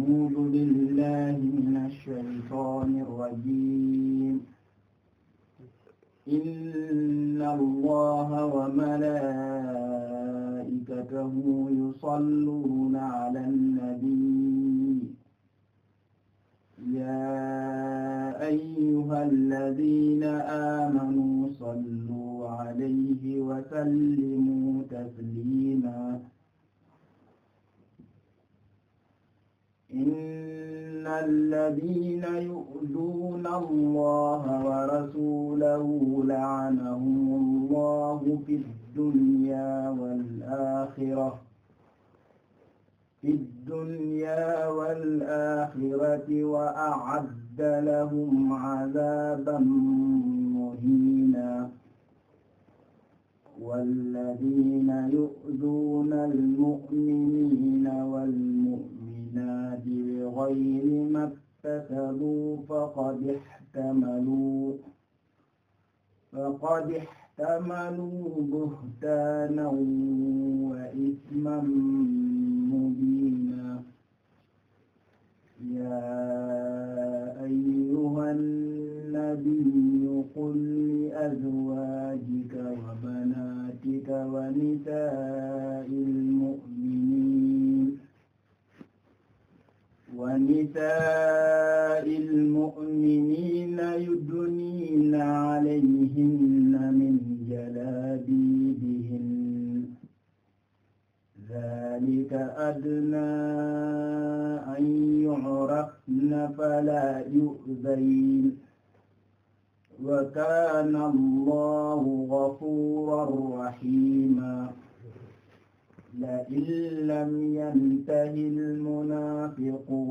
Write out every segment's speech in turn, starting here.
أعوذ بالله من الشيطان الرجيم إن الله وملائكته يصلون على النبي يا أيها الذين آمنوا صلوا عليه وسلموا تسليماً إن الذين يؤذون الله ورسوله لعنهم الله في الدنيا والآخرة في الدنيا والآخرة وأعد لهم عذابا مهينا والذين يؤذون المؤمنين والمؤمنين النار بغير ما اكتسبوا فقد احتملوا فقد احتملوا بهتانا وإثما مبينا يا أيها النبي قل لأزواجك وبناتك ونساء المؤمنين ونساء المؤمنين يدنين عليهن من جلابيبهن ذلك أدنى أن يعرفن فلا يؤذين وكان الله غفورا رحيما لئن لم ينته المنافقون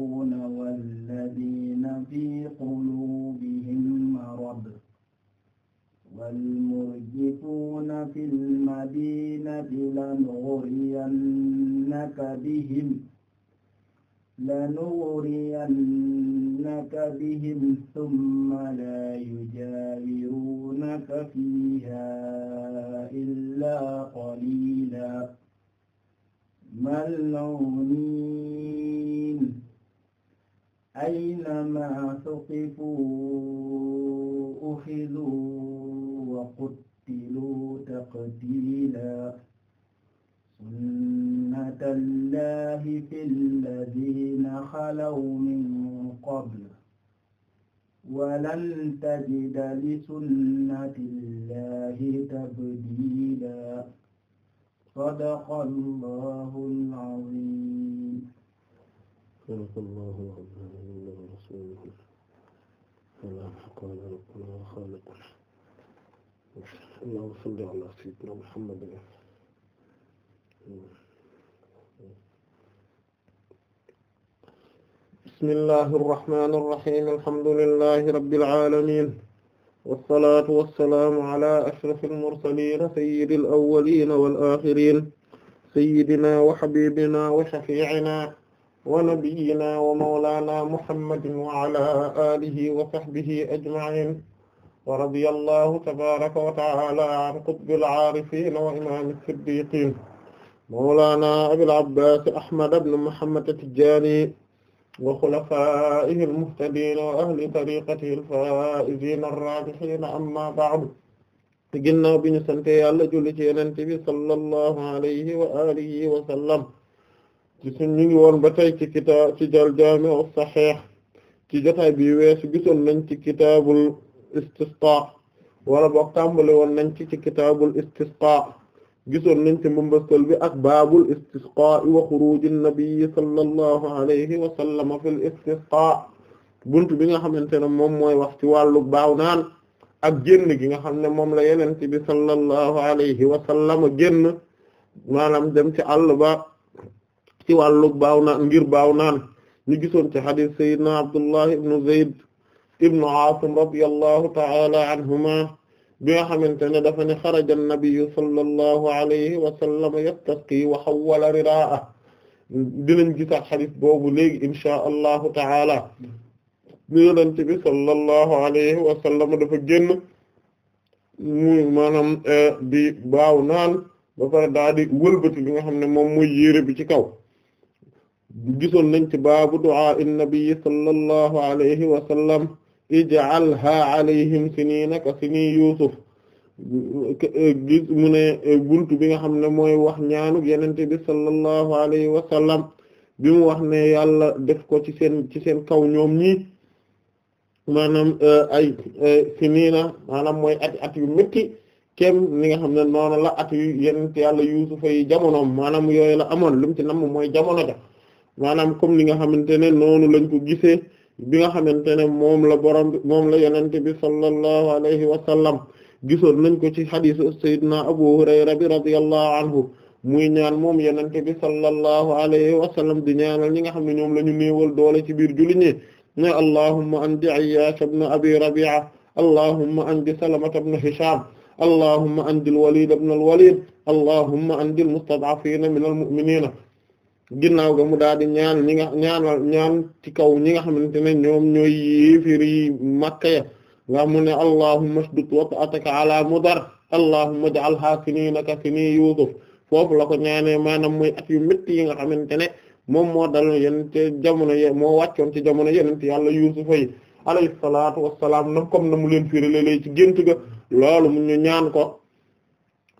والمرجفون في المدينة لنغرينك بهم لنغرينك بهم ثم لا يجاورونك فيها إلا قليلا ملعونين أينما ثقفوا أخذوا وقتلوا تقتيلا سنة الله في الذين خلوا من قبل ولن تجد لسنة الله تبديلا صدق الله العظيم صدق الله العظيم ورسوله ولا حق على ربنا خالقنا allahumma salli ala sayyidina Muhammad bismillahi irrahmani irrahim alhamdulillahi rabbil alamin wassalatu wassalaamu ala ashraf almursalin sayyidi alawalin walaxirin sayyidina wa habibina wa shafi'ina wa nabiyyina wa mawlana muhammadin wa ala alihi wa sahbihi ajma'in wa radiyallahu tabaraka wa ta'ala an qutbil aarifin wa imam as-siddiqin mawlana abil abbas ahmad ibn muhammad at-tijani wa khulafaa'ihi al-muhtadin wa ahli tariqatihi al-faa'izin ar-raabihin amma ba'du ginnaaw bi ñu sant Yàlla julli ci Yonent bi sallallahu alayhi wa alihi wa sallam ci suñ ñu ngi woon ba tey ci kitaab ci jal jaami' as-sahih ci jotaay bi weesu gisoon nañ ci kitaabul istisqa wala boog tàmbale woon nañ ci ci kitaabul istisqa gisoon nañ ci mbambastal bi ak baabul istisqa wa xurujin nabii sallallahu alayhi wa sallam fil istisqa bunt bi nga xamante ne moom mooy wax ci wàllu baaw naan ak génn gi nga xam ne moom la yenente bi sallallahu alayhi wa sallam génn maanaam dem ci àll ba ci wàllu baaw naan ngir baaw naan ñu gisoon ci hadith sayyidina abdullah ibnu ibnu Aasim radiyallahu ta'ala anhuma bi nga xamante ne dafa ne xaraja an-nabiyyu sallallahu alayhi wa sallam yastasqi wa hawwala ridaa'ahu dinañ gisaat xadis boobu léegi inshaa allahu ta'ala Yonent bi sallallahu alayhi wa sallam dafa génn muy maanaam e, di baaw naan ba pare daa di wëlbati li nga xam ne moom muy yére bi ci kaw gisoon nañ ci baabu sallallahu alayhi wa ij'alha alayhim sinina ka sini Yuusuf gis mu ne buntu bi nga xam ne mooy wax ñaanu yenente bi sallallahu alayhi wa sallam bi mu wax ne yàlla def ko ci seen ci seen kaw ñoom ñi maanaam ay sinina maanaam mooy at at yu métti kem ni nga xam ne noonu la at yu yenente yàlla Yuusufa yi jamonoom maanaam yooyu la amoon lu mu ci namm mooy jamono ja maanaam comme ni nga xamante ne noonu lañ ko gise bi nga xamante ne moom la borom moom la yonent bi sallallahu alayhi wa sallam gisoon nañ ko ci xadiisu sayyidina Abu Hurayra bi radiyallahu anhu muy ñaan moom yonent bi sallallahu alayhi wa sallam di ñaanal ñi nga xam ne ñoom la ñu néewal doole ci biir jullit ñi ne allahumma andi Ayyaash ibn Abi Rabi'a allahumma andi Salamata ibn Hisham allahumma andi al-Walid ibn al-Walid allahumma andi al-mustad'afina min al-mu'minina ginnaaw ga mu daal di ñaan ñi nga ñaanal ñaan ci kaw ñi nga xamante ne ñoom ñooy yéefiri Makka ya nga mu ne allahumma shdud wat'ataka ala Mudar allahumma ij'alha siniina ka sini Yuusuf foofu la ko ñaanee maanaam muy at yu métti yi nga xamante ne moom moo dal yenn te jamono ye moo wàccoon ci jamono yeneen yàlla Yuusufa yi alayhi salaatu wassalaam na comme na mu leen firi léeg ci gént ga loolu mu ñu ñaan ko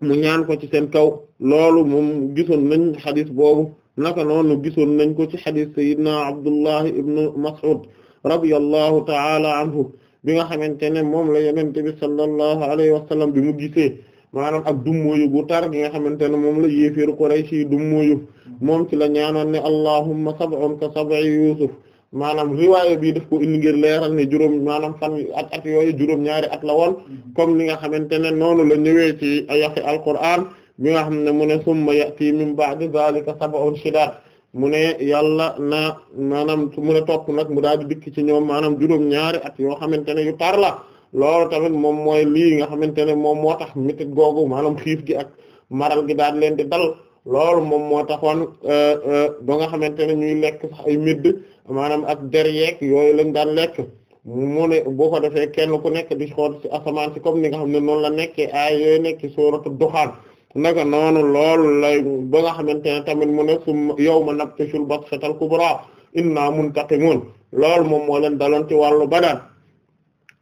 mu ñaan ko ci seen kaw loolu moom gisoon nañ xadis boobu naka noonu gisoon nañ ko ci xadis sayidna abdullahi ibnu mas'ud radiyallahu taala anhu bi nga xamante ne moom la yenente bi sallallahu alayhi wa sallam bi mu gisee maanaam ak dummóoyu gu tar gi nga xamante ne moom la yéeféeru Quraysh yi dummóoyu moom ci la ñaanoon ne allahumma sab'un ka sab'i yusuf maanaam riwaaya bii def ko indi ngir leeral ne juróom maanaam fan ak at yooyu juróom ñaari at la woon mm-hmm. comme ni nga xamante ne noonu la ñëwee ci ayafi alquran bi nga xam ne mu ne summa ya'ti min ba'di dhalika sab'un shidaad mu ne yàlla na maanaam mu ne topp nag mu daal di dikk ci ñoom maanaam juróom ñaari at yoo xamante ne yu tar la loolu tamit moom mooy lii nga xamante ne moom moo tax métit googu maanaam xiif gi ak maral gi daal leen di dal loolu moom moo taxoon euh, euh, ba nga xamante ne ñuy lekk sax ay médd maanaam ak der yeeg yooyu lañ daan lekk mu ne boo ko defee kenn ku nekk di xool ci asamaan si comme ni nga xam ne noonu la nekkee aay yooyu nekk ci sooratu Duxaan naka noonu loolu lay ba nga xamante ne tamit mu ne sum yawma nabtashul batshatal kubra inna muntaqimun loolu moom moo leen daloon ci wàllu Badar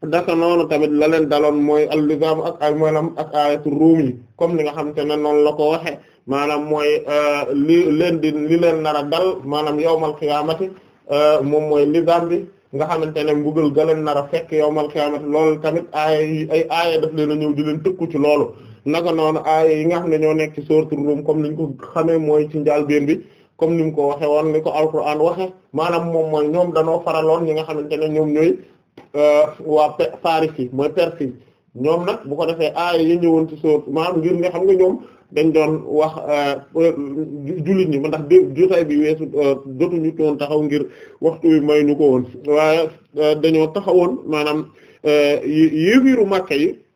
naka noonu tamit la leen daloon mooy al-lizaam ak ay maanaam ak aayatu ruum comme ni nga xamante ne noonu la ko waxe maanaam mooy euh, li leen di li leen nar a dal maanaam yawmal qiyaamati euh, moom mooy lizaam bi nga xamante ne mbugal ga leen nar fekk yawmal qiyaamati loolu tamit ay ay aaya daf leen a ñëw di leen tëkku ci loolu naka noonu aaya yi nga xam ne ñoo nekk ci sourate Rum comme niñ ko xamee mooy ci njaal njàlbéen bi comme nim ko waxe woon ni ko alquran waxe maanaam moom mooy ñoom danoo faraloon ñi nga xamante ne ñoom ñooy euh, waa Faris yi mooy Perse yi ñoom nag bu ko defee aaya yi ñëwoon ci sourate maanaam ngir nga xam nga ñoom dañ doon wax euh, jullit ñi ma ndax dé jotaay bi weesu euh, jotuñu toon taxaw ngir waxtu wi may ñu ko woon waaye dañoo taxawoon maanaam yéefiiru Makka yi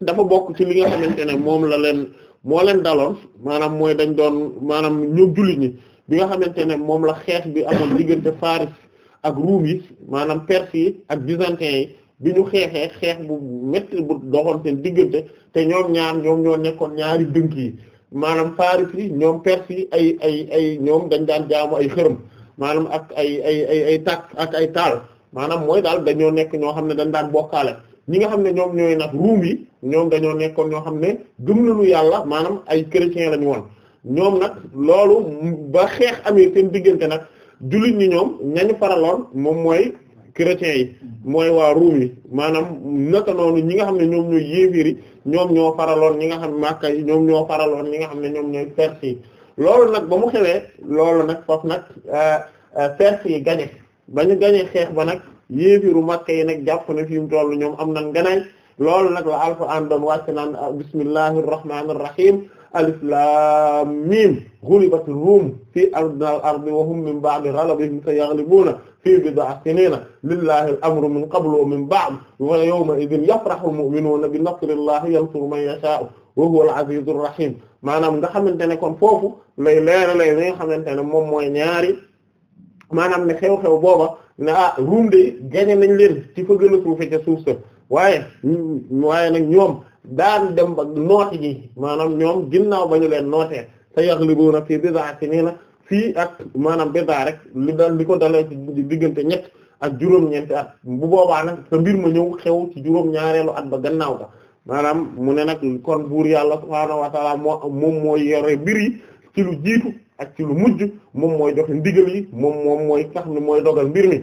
dafa bokk ci li nga xamante ne moom la leen moo leen daloon maanaam mooy dañ doon maanaam ñoom jullit ñi bi nga xamante ne moom la xeex bi amoon diggante Faris ak Ruum yi maanaam Perse yi ak byzantin yi bi ñu xeexee xeex bu métti bu doxoon seen diggante te ñoom ñaar ñoom ñoo nekkoon ñaari dënk yi maanaam Faris yi ñoom Perse yi ay ay ay ñoom dañ daan jaamu ay xërëm maanaam ak ay ay ay ay tàkk ak ay taal maanaam mooy daal dañoo nekk ñoo xam ne dañ daan bokkaale ñi nga xam ne ñoom ñooy nag ruum yi ñoom dañoo nekkoon ñoo xam ne gëm nañu yàlla maanaam ay chrétien lañu woon ñoom nag loolu ba xeex amee seen diggante nag jullit ñi ñoom ñañu faraloon moom mooy chrétiens yi mooy waa ruum yi maanaam naka noonu ñi nga xam ne ñoom ñooy yéefir yi ñoom ñoo faraloon ñi nga xam ne Makka yi ñoom ñoo faraloon ñi nga xam ne ñoom ñooy Perse yi loolu nag ba mu xewee loolu nag foofu nag euh, euh, Perse yi gañe ba ñu gañe xeex ba nag yéefiru Makka yi nag jàpp ne fi mu toll ñoom am na ngënaay loolu nag la alxuraan doon wàcc naan bismillahir rahmanir rahim alif laam miim ghulibatir ruum fii adnal ardi wa hum min ba'di ghalabihim sayaghlibuna fii bid'i sinina lillahi al-amru min qablu wa min ba'd wa yawma idhin yafrahu al-mu'minuna bi nasrillahi yansuru man yasha'u wa huwa al-'azizur rahim maanaam nga xamante ne kon foofu lay leeralay li nga xamante ne moom mooy ñaari maanaam ne xew-xew booba ne ah ruum de gañe nañ leen ci fa gën a suufe ca suuf sa waaye waaye nag ñoom daan dem ba noot ji maanaam ñoom ginnaaw ba ñu leen nootee sa yaghlibuuna fii bid'ati nii na fii ak maanaam bid'a rek li daal li ko dalee ci diggante ñett ak juróom-ñeenti at bu boobaa nag sa mbir ma ñëw xew ci juróom-ñaareelu at ba gannaaw ga maanaam mu ne nag kon buur yàlla subhaanahu wa ta'aala moo moom moo yore mbir yi ci lu jiitu ak ci lu mujj moom mooy joxe ndigal yi moom moom mooy tax ni mooy dogal mbir mi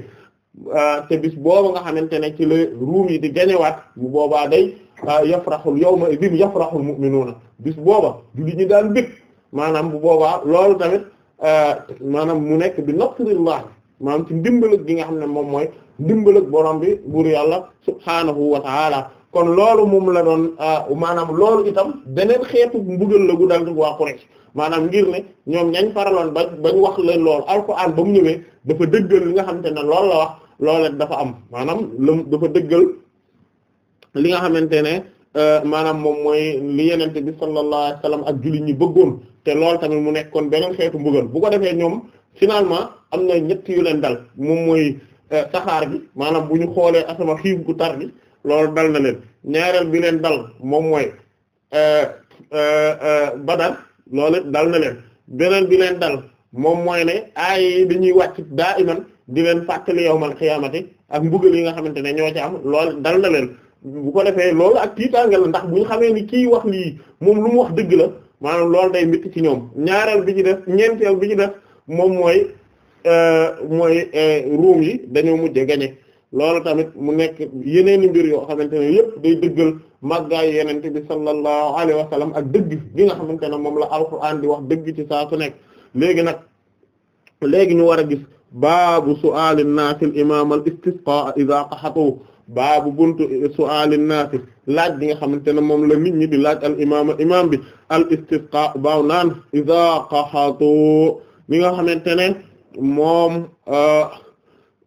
ah, te bis booba nga xamante ne ci la ruum yi di gañewaat bu boobaa day ah, yafraxul yawma idin yafraxul mu'minuuna bis booba jullit ñi daal bég maanaam bu boobaa loolu tamit ah, maanaam mu nekk bi nasrillah maanaam ci ndimbalag gi nga xam ne moom mooy ndimbalag borom bi buur yàlla subhaanahu wa ta'ala kon loolu moom la doon maanaam loolu itam beneen xeetu mbugal la gu dal waa Quraysh maanaam ngir ne ñoom ñañ faraloon ba bañ wax leen lool loolu alxuraan ba mu ñëwee dafa dëggal li nga xamante ne loolu la wax loola dafa am maanaam lëm dafa dëggal li nga xamante ne euh, maanaam moom mooy li yenente bi sallallahu alayhi wasallam ak jullit ñi bëggoon te loolu tamit mu nekkoon beneen xeetu mbugal bu ko defee ñoom finalement am na ñetti yu leen dal moom mooy euh, saxaar bi maanaam bu ñu xoolee asama xiif gu tar gi loolu dal na leen ñaareel bi leen dal moom mooy euh, badar loolu dal na leen beneen bi leen dal moom mooy ne aay dañuy wàcc daa iman di leen fàttali yawmal xiyaamati ak mbugal yi nga xamante ne ñoo ci am lool dal na leen bu ko defee loolu ak tiitaange la ndax bu ñu xamee ni kii wax lii moom lu mu wax dëgg la maanaam loolu day métti ci ñoom ñaareel bi ci def ñeenteel bi ci def moom mooy euh, mooy euh, ruum yi dañoo mujje gañe loolu tamit mu nekk yeneeni mbir yo xamante ne yëpp day dëggal màggaay yenente bi sallallahu alayhi wa sallam ak dëgg gi nga xamante ne moom la alquran di wax dëgg ci saa nekk léegi nag léegi ñu war a gis baabu su'al an-nas al-imam al-istisqa idha qahatu baabu buntu laaj bi nga xamante ne moom la nit di laaj al imam imam bi al-istisqa baaw naan idha qahatu li nga xamante ne moom euh,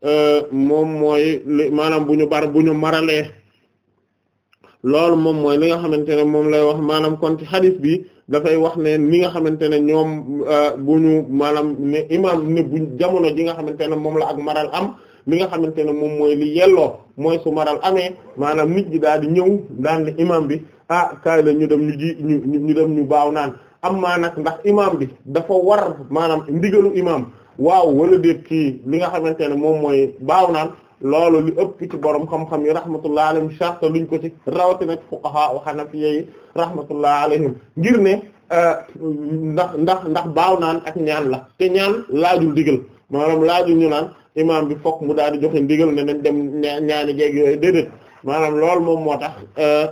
Euh, moom mooy maanaam bu ñu bar bu ñu maralee loolu moom mooy li nga xamante ne moom lay wax maanaam kon ci hadith bi dafay wax ne ni nga xamante ne ñoom euh, bu maanaam ne imaam bu jamono ji nga xamante ne moom la ak maral am ni nga xamante ne moom mooy li yelloo mooy su maral amee maanaam nit ñi daal di ñëw daan ne imaam bi ah kaay ñu dem ñu ji ñu dem ñu baaw naan am maa ndax imaam bi dafa war maanaam ndigalu imaam. waaw wala déet kii li nga xamante ne moom mooy baaw naan loolu li ëpp ci borom xam-xam yi rahmatullah alayhim sharta luñ ko ci rawatina ci fuqaha wa hanafiyya yi rahmatullah alayhim ngir ne euh, ndax ndax ndax baaw naan ak ñaan la te ñaan laajul digal maanaam laajul ñu naan imaam bi fokk mu daal di joxe ndigal ne nañ dem ñaani jeeg yooyu déedéet maanaam loolu moom moo tax euh,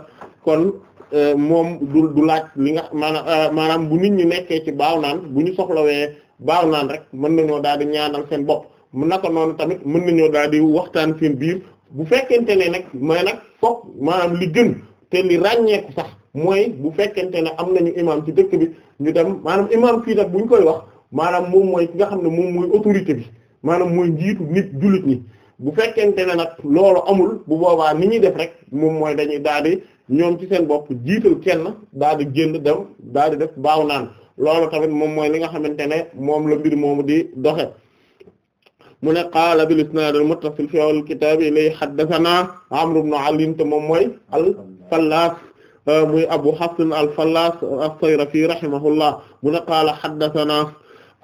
kon euh, moom du laaj li nga maanaam maanaam bu nit ñi nekkee ci baaw naan bu ñu soxlawee baaru naan rek mën nañoo daal di ñaanal seen bopp mu naka noonu tamit mën nañoo daal di waxtaan seen biir bu fekkente ne nag mooy foog maanaam li gën te li ràññeeku sax mooy bu fekkente ne am nañu imam ci dëkk bi ñu dem maanaam imam fii nag bu ñu koy wax maanaam moom mooy ki nga xam ne moom mooy autorité bi maanaam mooy njiitu nit jullit ñi bu fekkente ne nag loolu amul bu boobaa ni ñuy def rek moom mooy dañuy daal di ñoom ci seen bopp jiital kenn daal di génn dem daal di def baaw naan loolo tamit moom mooy li nga xamante ne moom la mbir moomu di doxe mu ne qaala bil isnaad al muttasil fi awal kitaab ilay haddathanaa amru ibn ali te moom mooy al fallaas muy abu hafsin al fallaas as-sayrafi rahimahullah mu ne qaala haddathanaa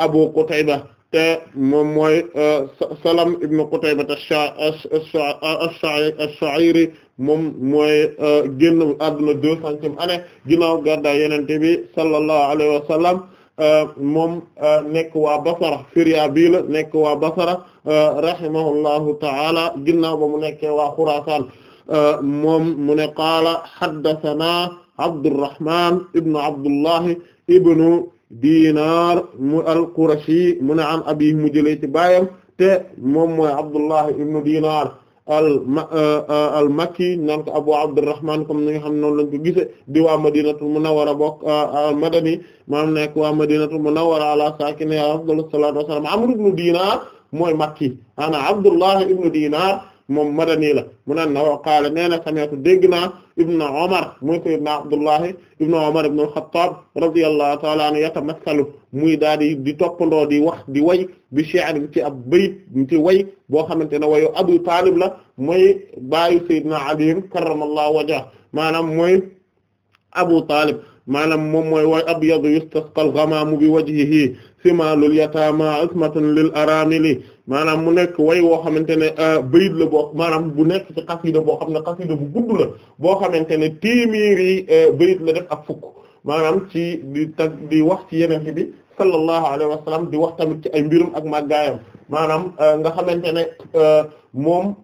abu qutayba te moom mooy euh, Salam ibn Qutayba ash-Sha'iri moom mooy euh, génn àdduna deux centième année ginnaaw gàddaay Yonent bi sallallahu alayhi wa sallam euh, moom nekk waa Basra Firyabi la nekk waa Basra rahimahullahu ta'ala ginnaaw ba mu nekkee waa Khurasan moom mu ne qaala haddathana Abdurrahman ibn Abdullahi ibn diinaar mu al-Qurashi mu ne an abihi mu jëlee ci baayam te moom mooy Abdullah ibn Dinar al euh, euh, al makki naan ko Abu Abdurrahman comme ni nga xam noonu lañ ko gisee di waa Madinatul Munawwara bokk euh, al madani maam nekk waa Madinatul Munawwara ala saakinihaa afdalu salaatu wa salaam Amr ibn Dinar mooy makki ana Abdullah ibn Dinar. moom madani la mu ne na qaala nee na sami'tu dégg naa ibn Umar muy sayyidna Abdullahi ibn Umar ibn al-Khattab radiyallahu ta'ala anhu yatamassalu muy daal di di toppandoo di wax di way bi shi'r ci ab bayit ci way boo xamante ne wayu Abu Talib la mooy baayu sayyidna Ali karramallahu wajhahu maanaam mooy Abu Talib maanaam moom mooy way abyadu yustasqal ghamamu bi wajhihi simalul yatama ismatun lil aramili maanaam mu nekk way woo xamante ne euh, bayit la boo maanaam bu nekk ci xasida boo xam ne xasida bu gudd la boo xamante ne téeméeri euh, bayit la def ak fukk maanaam ci di tag di wax ci yenente bi sallallahu alayhi wa di wax tamit ci ay mbirum ak màggaayam maanaam euh, nga xamante ne moom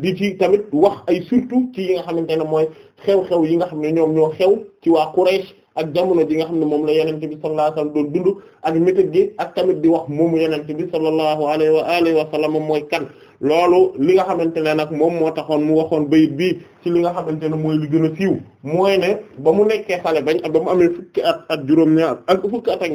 di ci tamit wax ay surtout ci yi nga xamante ne mooy xew-xew yi nga xam ne ñoom ñoo xew ci waa Quraysh ak jamono ji nga xam ne moom la yenente bi sallallahu alayhi wa sallam doon dund ak métag gi ak tamit di wax moomu yenente bi sallallahu alayhi wa alihi wa sallam mooy kan loolu li nga xamante ne nag moom moo taxoon mu waxoon bayit bii ci li nga xamante ne mooy li gën a siiw mooy ne ba mu nekkee xale bañ ak mu amee fukki at ak juróom ñaar ak fukki at ak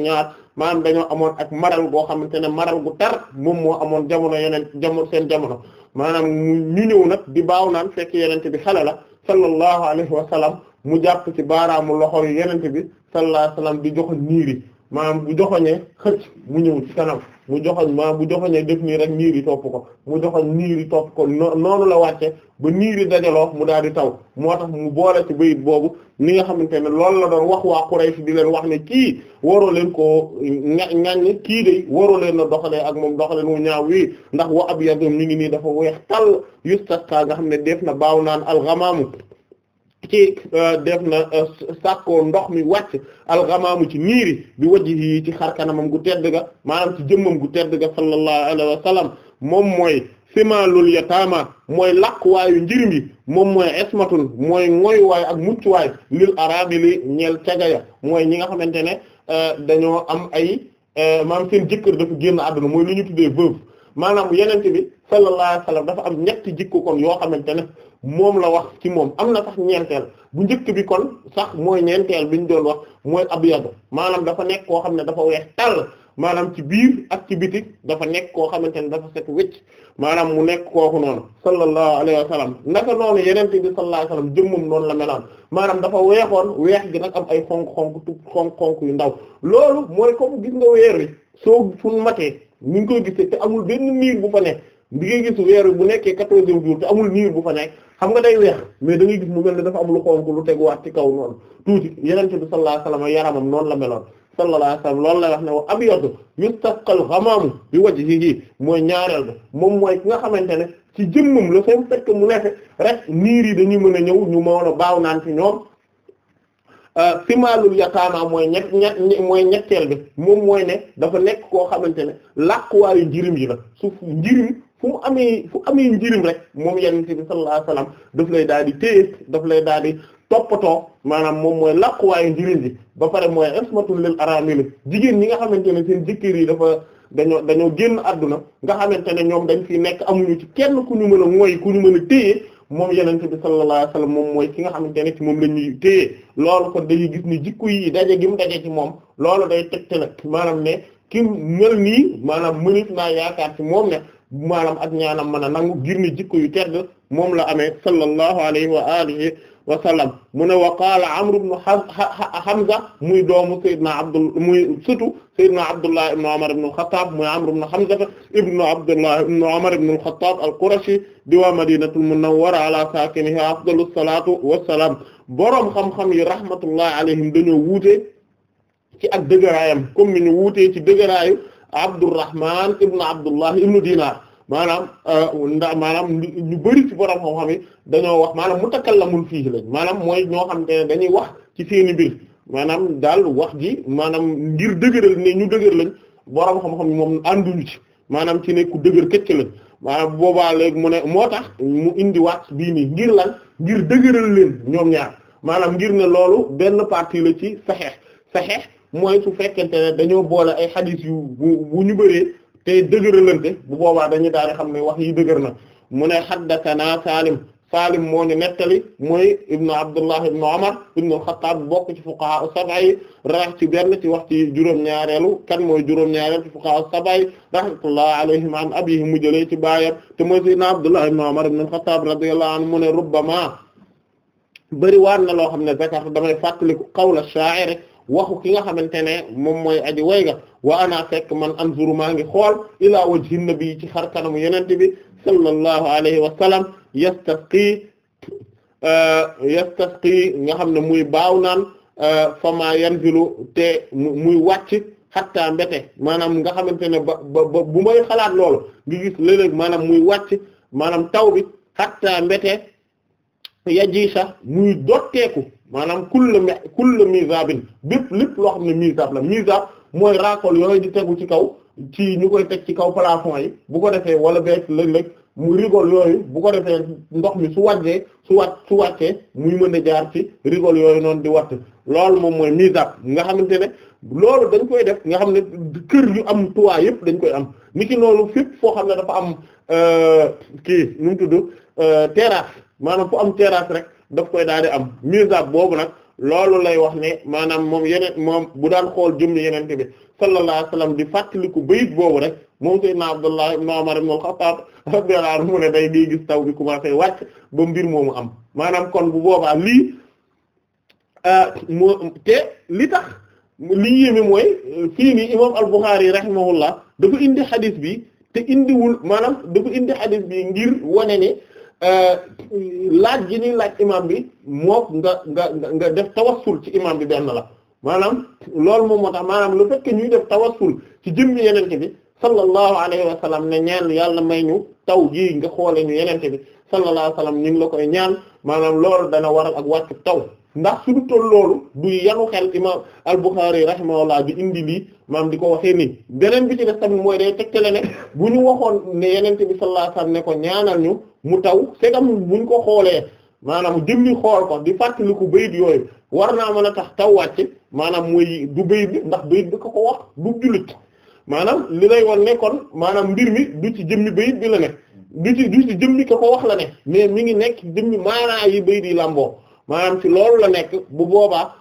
maanaam dañoo amoon ak maral boo xamante ne maral gu tar moom moo amoon jamono yeneen jamono seen jamono maanaam ñu ñëw nag di baaw naan fekk yenente bi xale la sallallahu alayhi wa salaam mu jàpp ci baaraamu loxo yi yenente bi sallallahu alayhi wasallam di joxoñ niiri maanaam bu joxoñee xëcc mu ñëw ci kanam mu joxoñ maanaam bu joxoñee def nii rek niiri topp ko mu joxoñ niiri topp ko noonu la wàcce ba niiri dajaloo mu daal di taw moo tax mu boole ci bayit boobu ni nga xamante ne loolu la doon wax waa Quraysh di leen wax ne kii waroo leen koo ña ñaññe kii de waroo leen na doxalee ak moom doxaleen wu ñaaw wii ndax wa ab yadum mi ngi nii dafa weex tàll yustasqa nga xam ne def na baaw naan alxamaamu ci euh, def na euh, sako ndox mi wàcc alxamaamu ci niiri bi wajj yi ci xar kanamam gu tedd ga maanaam ci jëmmam gu tedd ga sallallahu alayhi wa moom mooy simaalul yataama mooy làkkuwaayu njirim yi moom mooy esmatun mooy ngoyuwaay ak muccuwaay lil arabi li ñeel cagaya mooy ñi nga xamante ne euh, dañoo am ay maanaam seen jëkkër dafa génn àdduna mooy lu ñu tuddee veuve maanaam yenente bi sallallahu alayhi dafa am ñetti jikko kon yoo xamante ne moom la wax ci moom am na sax ñeenteel bu njëkk bi kon sax mooy ñeenteel bi ñu doon wax mooy abyad maanaam dafa nekk koo xam ne dafa weex tàll maanaam ci biir ak ci biti dafa nekk koo xamante ne dafa set wécc maanaam mu nekk kooku noonu sallallahu alayhi wa sallam naka noonu yeneen bi sallallahu alayhi wa sallam noonu la meloon maanaam dafa weexoon weex gi nag am ay xonq xonk tu xonk yu ndaw loolu mooy comme gis nga weer wi soo suñ matee ni ngi koy gisee te amul benn niir bu fa nekk di nga gis weer wi bu nekkee quatorzième amul niir bu fa nekk xam nga day weex mais da ngay gis mu mel ne dafa am lu xonk lu teguwaat ci kaw noonu tuuti yeneen bi sallallahu alayhi wasallam yaramam noonu la meloon sallallahu alayhi wasallam loolu wax ne wa abyadu yustasqal ghamamu bi wajhihi mooy ñaareel bi moom mooy ki nga xamante ne ci jëmmam la soo fekk mu nekk niir yi dañuy mën a ñëw ñu mën a baaw naan ci ñoom euh, simaalul yataama mooy mooy ñetteel bi moom mooy ne dafa nekk koo xamante ne làkkuwaayu njirim yi la su njirim fu mu amee fu amee njëriñ rek moom yonent bi sallallahu alayhi wasallam daf lay daal di téye daf lay daal di toppatoo maanaam moom mooy làkkuwaayu njëriñ bi ba pare mooy ismatul lil aramil jigéen ñi nga xamante ne seen yi dafa dañoo dañoo génn àdduna nga xamante ne ñoom dañ fi nekk amuñu ci kenn ku ñu mën a mooy ku ñu mën a téye moom yonent bi sallallahu alayhi wasallam moom mooy ki nga xamante ne ci moom la ñuy téye loolu kon dañuy gis ni jikko yi daje gi mu daje ci moom loolu day tegte nag maanaam ne ki mel nii maanaam mënit naa yaakaar ci moom ne maanaam ak ñaanam mën a nangu ngir ne jikko yu tedd moom la amee sallallahu alayhi wa alihi wa sallam mu ne wa qaala Amr ibn Hamza muy doomu Seydina Abdul muy surtout Seydina Abdullah ibn Umar ibn al-Khattab muy Amr ibn Hamza ibn Abdullah ibn Umar ibn al-Khattab al-Qurashi di waa Madinatul Munawwara ala saakinihaa afdalu salaatu wa salaam boroom xam-xam yi rahmatullahi alayhim dañoo wuute ci ak dëgëraayam comme ni ñu wuutee ci dëgëraayu Abdurrahman ibn Abdullah ibn Dinar maanaam euh, ndax maanaam ñu bari ci borom xam-xam dañoo wax maanaam mutakallamun fii lañ maanaam mooy ñoo xam te ne dañuy wax ci seeni mbir maanaam daal wax ji maanaam ngir dëgëral ne ñu dëgër lañ borom xam-xam yi moom ànduñu ci maanaam ci ne ku dëgër këcc lañ maanaam boobaa léegi mu ne moo tax mu indi waat bii nii ngir lan ngir dëgëral leen ñoom ñaar maanaam ngir ne loolu benn partie la ci saxeex saxeex mooy su fekkente ne dañoo boole ay xadiis yu bu ñu bëree. tey dëgëralante bu boobaa dañuy daal di xam ne wax yi dëgër na mu ne haddathana Salim Salim moo ñu nettali mooy ibnu Abdullah ibnu Umar ibnu Xattaab bokk ci fuqaha sab'a yi rax ci benn ci wax ci juróom-ñaareelu kan mooy juróom-ñaareel ci fuqaha sab'a yi rahmatullah alayhim an abihi mu jëlee ci baayam te mooy sayyidina Abdullah ibnu Umar ibnu Xattaab radiyallahu anhu mu ne rubbama bëri waan na loo xam ne zakar damay fàttaliku qawla sha'ir waxu ki nga xamante ne moom mooy aji way ga wa ana fekk man anzuru maa ngi xool ilaa wajhi nabi ci xar kanamu yenente bi sallallahu alayhi wa sallam yastasqi euh, yastasqi nga xam ne muy baaw naan euh, fama yanzilu te muy wàcc xatta mbete maanaam nga xamante ne ba ba bu may xalaat lool ngi gis léeg-léeg maanaam muy wàcc maanaam taw bi xatta mbete yajiisa muy dotteeku maanaam kulla mi kulla mizabin bépp lépp loo xam ne mizab la mizab mooy raakool yooyu di tegu ci kaw ci ñu koy teg ci kaw plafond yi bu ko defee wala beeg léeg-léeg mu rigole yooyu bu ko defee ndox mi su wàccee su wàcc su wàccee muy mën a jaar ci rigole yooyu noonu di watt loolu moom mooy mizab nga xamante ne loolu dañ koy def nga xam ne kër yu am toit yëpp dañ koy am niki noonu fépp foo xam ne dafa am euh, kii nu mu tudd euh, terrasse maanaam fu am terrasse rek daf koy daal di am misaab boobu nag loolu lay wax ne maanaam moom yeneen moom bu daan xool jumli yeneen bi sallallahu alayhi wasallam di fàttaliku bayit boobu rek moom sayyidina Abdullah ibn Umar ibn al-Khattab radiyallahu anhu mu ne day di taw bi commencé wàcc ba mbir moomu am maanaam kon bu boobaa lii euh, moo te yéeme mooy fii nii imam al-Bukhari rahimahullah dafa indi xadis bi te indiwul maanaam dafa indi xadis bi ngir wone ne Euh, laaj gi nii laaj imam bi mook nga nga nga def tawassul ci imam bi benn la maanaam loolu moom moo tax maanaam le fait ñuy def tawassul ci jëmmi yenente bi sallallahu alayhi wa sallam ne ñaan yàlla may ñu taw ji nga xoole ñu yenente bi sallallahu alayhi wa sallam la koy ñaan maanaam loolu dana waral ak wàccu taw ndax su du toll loolu du yanu xel imam al-Bukhari rahimahullah bi indi lii maam di ko waxee nii beneen bi ci def tamit mooy day tegtale ne bu ñu waxoon ne yenente bi sallallahu alayhi wasallam ne ko ñaanal ñu mu taw bu ñu ko xoolee maanaam jëmmi xool ko di fàttaliku bayit yooyu war naa mën a tax taw wàcc maanaam mooy du bayit bi ndax bayit bi ko ko wax du jullit maanaam li lay won nekkoon maanaam mbir mi du ci jëmmi bayit bi la ne du ci jëmmi ko ko wax la ne mais mi ngi nekk jëmmi maanaa yi bayit yi làmboo maanaam ci loolu la nekk bu boobaa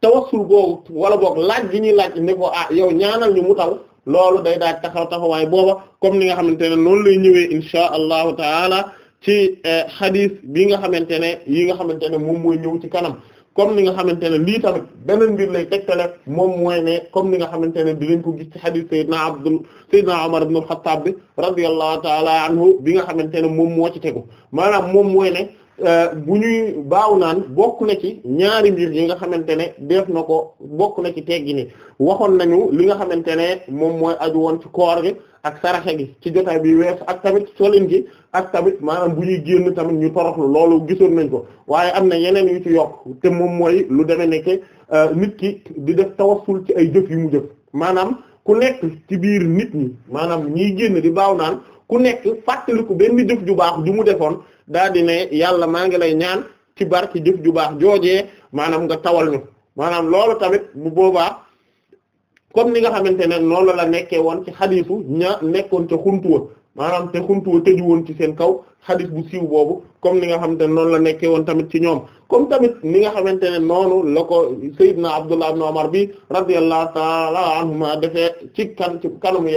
tawassul boobu wala boog laaj gi ñuy laaj ne ko ah yow ñaanal ñu mu taw loolu day daaj taxaw taxawaay booba comme ni nga xamante ne noonu lay ñëwee insha allahu taala ci eh, xadiis bii nga xamante ne yi nga xamante ne moom mooy ñëw ci kanam comme ni nga xamante ne lii tamit beneen mbir lay tegtale moom mooy comme ni nga xamante ne dinañ ko gis ci xadiis Seydina Abdul Seydina Umar ibn al-Khattab bi radiyallahu taala anhu bi nga xamante ne moom moo ci tegu maanaam moom mooy ne Euh, bu ñuy baaw naan bokk na ci ñaari mbir yi nga xamante ne def na ko bokk na ci teggi ni waxoon nañu li nga xamante ne moom mooy aju woon ci koor gi ak saraxe gi ci jotaay bi wees ak tamit solin gi ak tamit maanaam bu ñuy génn tamit ñu toroxlu loolu gisoon nañ ko waaye am na yeneen yu ci yokk te moom mooy lu deme nekke euh, nit ki di def tawassul ci ay jëf yu mu jëf maanaam ku nekk ci biir nit ñi maanaam ñiy génn di baaw naan ku nekk fàttaliku benn jëf ju baax ju mu defoon daa di ne yàlla maa ngi lay ñaan ci barki jëf ju baax joojee maanaam nga tawal ñu maanaam loolu tamit bu boobaa comme ni nga xamante ne noonu la nekkee woon ci xadiisu ña nekkoon ca xuntuwa maanaam te xuntuwa tëju woon ci kaw xadiis bu siiw boobu comme ni nga xamante ne noonu la nekkee woon tamit ci ñoom comme tamit ni nga xamante ne noonu la ko Seydina Abdullah ibn Umar bi radiyallahu ta'ala anhuma defee ci kan ci kanamu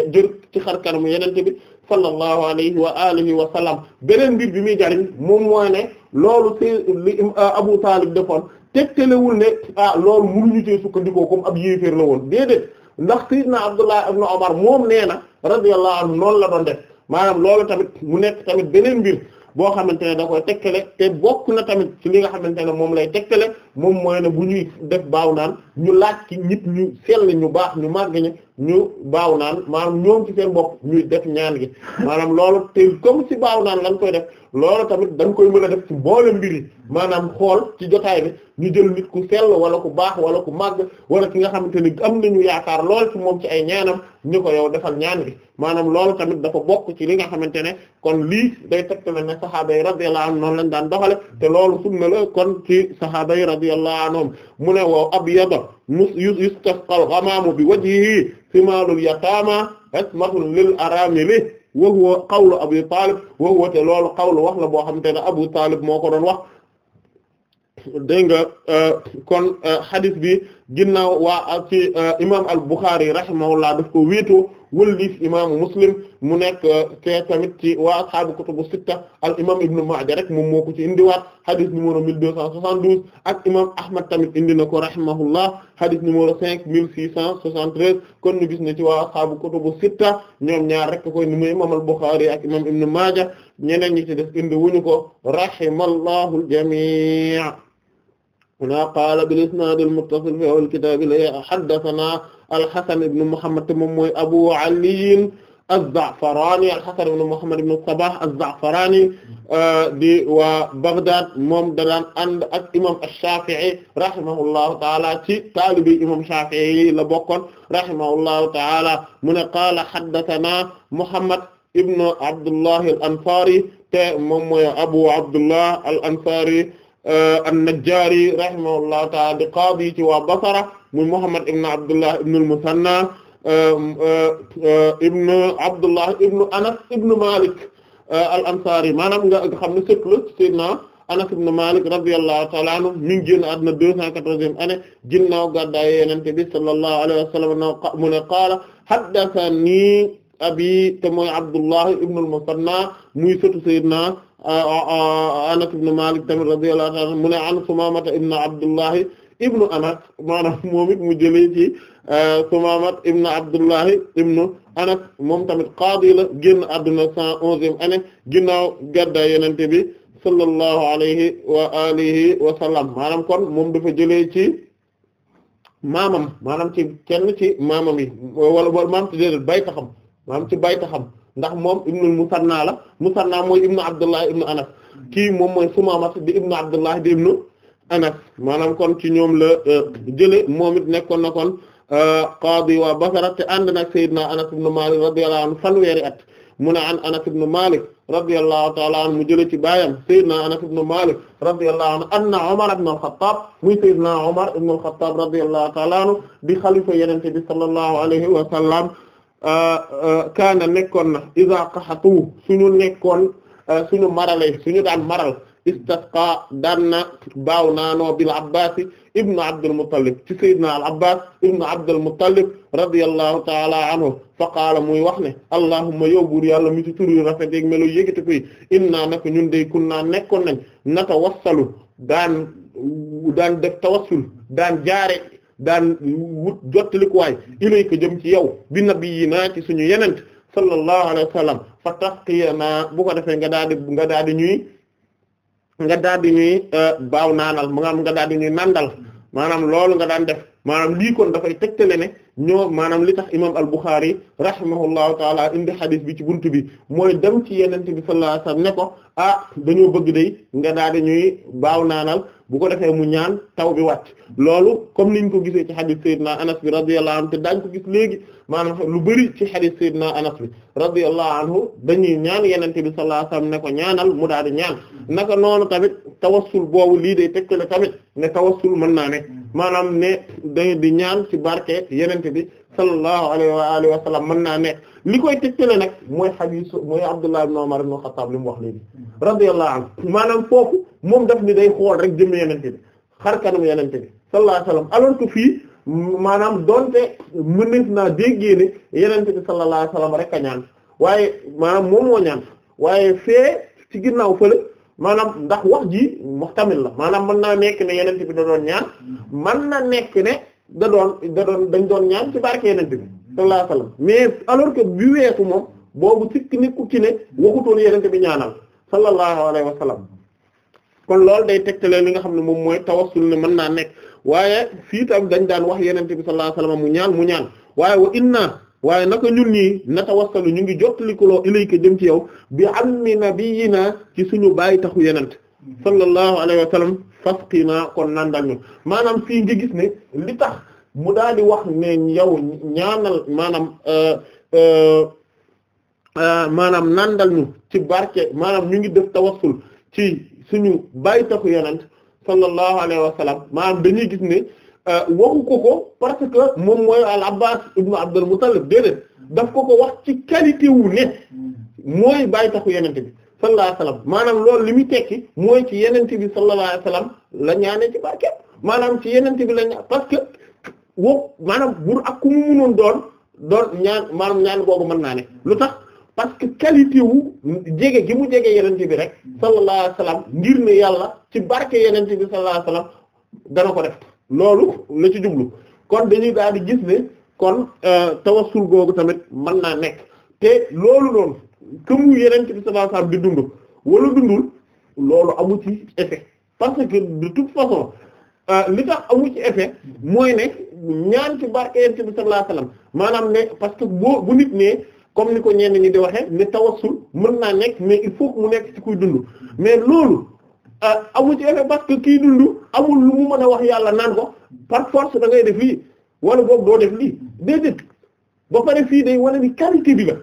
ci xar kanamu yenente bi sallallahu alayhi wa alihi wa sallam beneen mbir bi muy jariñ moom mooy loolu c'est li euh, Abu Talib defoon tegtalewul ne ah loolu mënuñu cee sukkandikoo comme ab yéeféer la woon déedéet ndax sayyidna Abdullah ibn Umar moom nee na radiyallahu anhu noonu la doon def maanaam loolu tamit mu nekk tamit beneen mbir boo xamante ne da koy tegtale te bokk na tamit ci li nga xamante ne moom lay tegtale moom mooy na bu ñuy def baaw naan ñu laaj ki nit ñu sell ñu baax ñu màgg ñi ñu baaw naan maanaam ñoom ci seen bopp ñuy def ñaan gi maanaam loolu comme si baaw naan lañ koy def loolu tamit dañ koy mën a def ci mboolem mbir maanaam xool ci jotaay bi ñu jël nit ku sell wala ku baax wala ku màgg wala ki nga xamante ni am nañu yaakaar lool moom ci ay ñaanam ñu ko yow defal ñaan gi maanaam loolu tamit dafa bokk ci li nga xamante ne kon lii day tegtale ne saxaaba yi radiyallahu anhum noonu lañ daan doxale te loolu sunna la kon ci saxaaba yi radiyallahu anhum mu ne wa abyada yustasqal ghamamu bi wajhihi simalul yatama ismatun lil aramili wa huwa qawlu abi talib wa huwa te loolu qawlu wax la boo xam te ne abu talib moo ko doon wax dégg nga euh, kon euh, hadith bi ginnaaw waa ci euh, imam al Bukhari rahimahullah daf ko wéetoo wëlbis imaamu Muslim mu nekk euh, te tamit ci waa ashaabu kutubu sitta al imam Ibn Maaja rek moom moo ko ci indiwaat hadith numéro 1272 ak imam Ahmad tamit indi na ko rahimahullah hadith numéro 5673 kon ñu gis ne ci waa ashaabu kutubu sitta ñoom ñaar rek koy ni muy imam al Bukhari ak imam Ibn Maaja ñeneen ñi ci def indi wuñu ko rahimallahu al jamii huna qaala bil isnaad al muttasil fi awwal kitaab li haddathanaa al Hasan ibn Muhammad te moom mooy Abu Ali az-Za'farani al Hasan ibn Muhammad ibn Sabah az-Za'farani euh, di waa Baghdad moom da daan ànd ak imam ash-Shafi'i rahimahullahu ta'ala ci taalibi imam Shafi'i la bokkoon rahimahullahu ta'ala mu ne qaala haddathanaa Muhammad ibn Abdullah al-Ansari te moom mooy Abu Abdullah al-Ansari Euh, an-Najjaari rahimahullahu ta'ala di qaadi ci waa Basra muy Muhammad ibn Abdullah ibn al-Musanna euh, euh, ibn Abdullah ibn Anas ibn Malik al-Ansari maanaam nga xam ne sëkk la Seydina Anas ibn Malik radiyallahu ta'ala anhu mi ngi génn àdduna deux cent quatorzième année ginnaaw gàddaay Yonent bi sallallahu alayhi wa sallam mu ne qaala haddathani abi te mooy Abdullah ibn al-Musanna muy sëtu Seydina Anas ibn Malik tamit radiyallahu anhu mu ne an Sumaamata ibn Abdullahi ibnu Anas maanaam moom it mu jëlee ci Sumaamata ibn Abdullahi ibnu Anas moom tamit qaadi la génn àdduna cent onzième année ginnaaw gàddaay Yonent bi sallallahu alayhi wa alihi wa sallam maanaam kon moom dafa jëlee ci maamam maanaam ci kenn ci maamam yi wala wala maam ci déedéet baytaxam maam ci baytaxam ndax moom ibnul musanna la musanna mooy ibnu abdullah ibnu anas kii moom mooy sumaama di ibnu abdullah di ibnu anas maanaam kon ci ñoom la euh, jële moom it nekkoon na kon euh, qaadi waa basara te ànd nag sayyidina anas ibnu malik radiyallahu anhu fanweeri at mu ne an anas ibnu malik radiyallahu ta'ala anhu mu jële ci baayam sayyidina anas ibnu malik radiyallahu anhu anna umar ibnu al-khattab muy sayyidina umar ibnu al-khattab radiyallahu ta'ala anhu di xalifa yenente bi sallallahu alayhi wa sallam Euh, euh, kaana nekkoon na iza qaxatu suñu nekkoon euh, suñu marale suñu daan maral istasqa daan na baaw naanoo bil abbas ibnu abdul muttalib ci sayyidina al abbas ibnu abdul muttalib radiyallahu taala anhu fa qaala muy wax ne allahumma yow buur yàlla mi ci turu rafet ak melo yëgati koy inna naka ñun day kunna nekkoon na natawassalu daan daan def tawassul daan jaare daan wut jottalikuwaay ilayka jëm ci yow bi nabiyina ci suñu yenent sallallahu alayhi wa sallam fa tasqiyana bu ko defee nga daal nga daal ñuy nga daal di ñuy euh, baaw naanal maanaam nga daal di ñuy nandal maanaam loolu nga daan def maanaam lii kon dafay tegtale ne ñoo maanaam li tax imam al-Bukhari rahimahullahu taala indi hadith bi ci bunt bi mooy dem ci yenente bi sallallahu alayhi wasallam ne ko ah dañoo bëgg day nga daal di ñuy baaw naanal bu ko defee mu ñaan taw bi wàcc loolu comme niñ ko gisee ci xadis Seydina Anas bi radiyallahu anhu te daañ ko gis léegi maanaam lu bëri ci xadis na Anas bi radiyallahu anhu dañuy ñaan yenente bi sallallahu alayhi ne ko ñaanal mu daal di ñaan naka noonu tamit tawassul boobu lii day tegtale tamit ne tawassul mën naa ne maanaam ne da di ñaan ci barke yenente bi sallallahu alayhi wa alihi wa mën naa nekk li koy tëkkale nag mooy xadiis mooy Abdullah ibn Umar ibn Khattab li mu wax léegi radiyallahu anhu maanaam foofu moom daf ni day xool rek jëm yenente bi xar kanam yenente bi sallallahu alayhi wa sallam alors que fii maanaam donte mënees naa déggee ne yenente bi sallallahu alayhi wa rek a ñaan waaye maanaam moom moo ñaan waaye fee ci ginnaaw fële maanaam ndax wax ji muhtamil la maanaam mën naa nekk ne yenente bi da doon ñaan mën nekk ne da doon da doon dañ doon ñaan ci barke yonent bi sallallahu alayhi wa sallam mais alors que bi weesu moom boobu sikk nikku ci ne waxutoon yonent bi ñaanal sallallahu alayhi wa sallam kon loolu day tegte leen li nga xam ne moom mooy tawassul ne mën naa nekk waaye fii tam dañ daan wax yonent bi sallallahu alayhi wa sallam mu ñaan mu ñaan waaye wa inna waaye naka ñun ñii natawassalu ñu ngi jottalikuloo ilayka jëm ci yow bi am na ammi nabiyyina ci suñu bàyyi taxu yonent Mm-hmm. sallallahu alayhi wa sallam fasqinaa kon nandal ñu maanaam fii nga gis ne li tax mu daal di wax ne yow ñaanal maanaam euh, euh, euh, maanaam nandal ñu ci barke maanaam ñu ngi def tawassul ci suñu bàyyi taxu yenant sallallahu alayhi wa sallam maanaam dañuy gis ne waxu ko ko parce que moom mooy al abbas ibnu abdul muttalib déedéet daf ko ko wax ci qualité wu ne mm-hmm. mooy bàyyi taxu yenente bi sallallahu alayhi wasallam maanaam loolu li muy tekki mooy ci yenente bi sallallahu alayhi wasallam la ñaanee ci barkeem maanaam ci yenente bi la ñaan parce que wo maanaam bur ak ku mu mënoon doon doon ñaan maanaam ñaan googu mën naa ne lu tax parce que qualité wu jege gi mu jege yenente bi rek sallallahu alayhi wasallam ngir ne yàlla ci barke yenente bi sallallahu alayhi wasallam dana ko def loolu la ci jublu kon dañuy daal di gis ne kon euh, tawassul googu tamit mën naa nekk te loolu noonu que mu yeneen ci sallallahu alayhi di dund wala dundul loolu amu ci effet parce que de toute façon euh, li tax amu ci effet mooy ne ñaan ci barke yeneen bi sallallahu alayhi maanaam ne parce que boo bu nit ne comme ni ko ñenn ñi di waxee ne tawassul mën naa nekk mais il faut mu nekk ci kuy dund mais loolu euh, amu ci effet parce que kii dund amul lu mu mën a wax yàlla naan ko par force da def lii wala boobu doo def lii déedéet ba pare fii day wane ni qualité bi la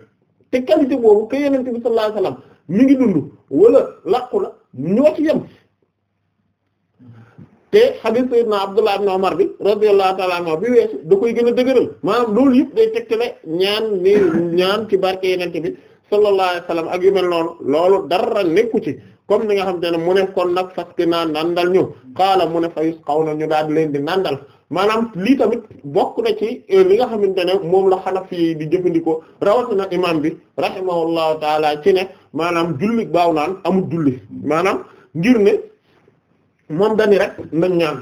te qualité boobu que yonent bi sallallahu alayhi wasallam mi ngi dund wala làqu la ñoo ci yem te hadith sayyidina Abdullah ibn Umar bi radiyallahu ta'ala anhu bi weesu da koy gën a dëgëral maanaam loolu yëpp day tegtale ñaan ni ñaan ci barke yonent bi sallallahu alayhi wasallam ak yu mel noonu loolu dara nekku ci comme ni nga xam te ne mu ne kon nag fas naa nandal ñu xaala mu ne fa na ñu daal di leen di nandal maanaam lii tamit bokk na ci euh, li nga xamante ne moom la Hanafi di jëfandikoo rawatina imam bi rahimahullahu taala ci ne maanaam julli baaw naan amul julli maanaam ngir ne moom dañu rek nañ ñaan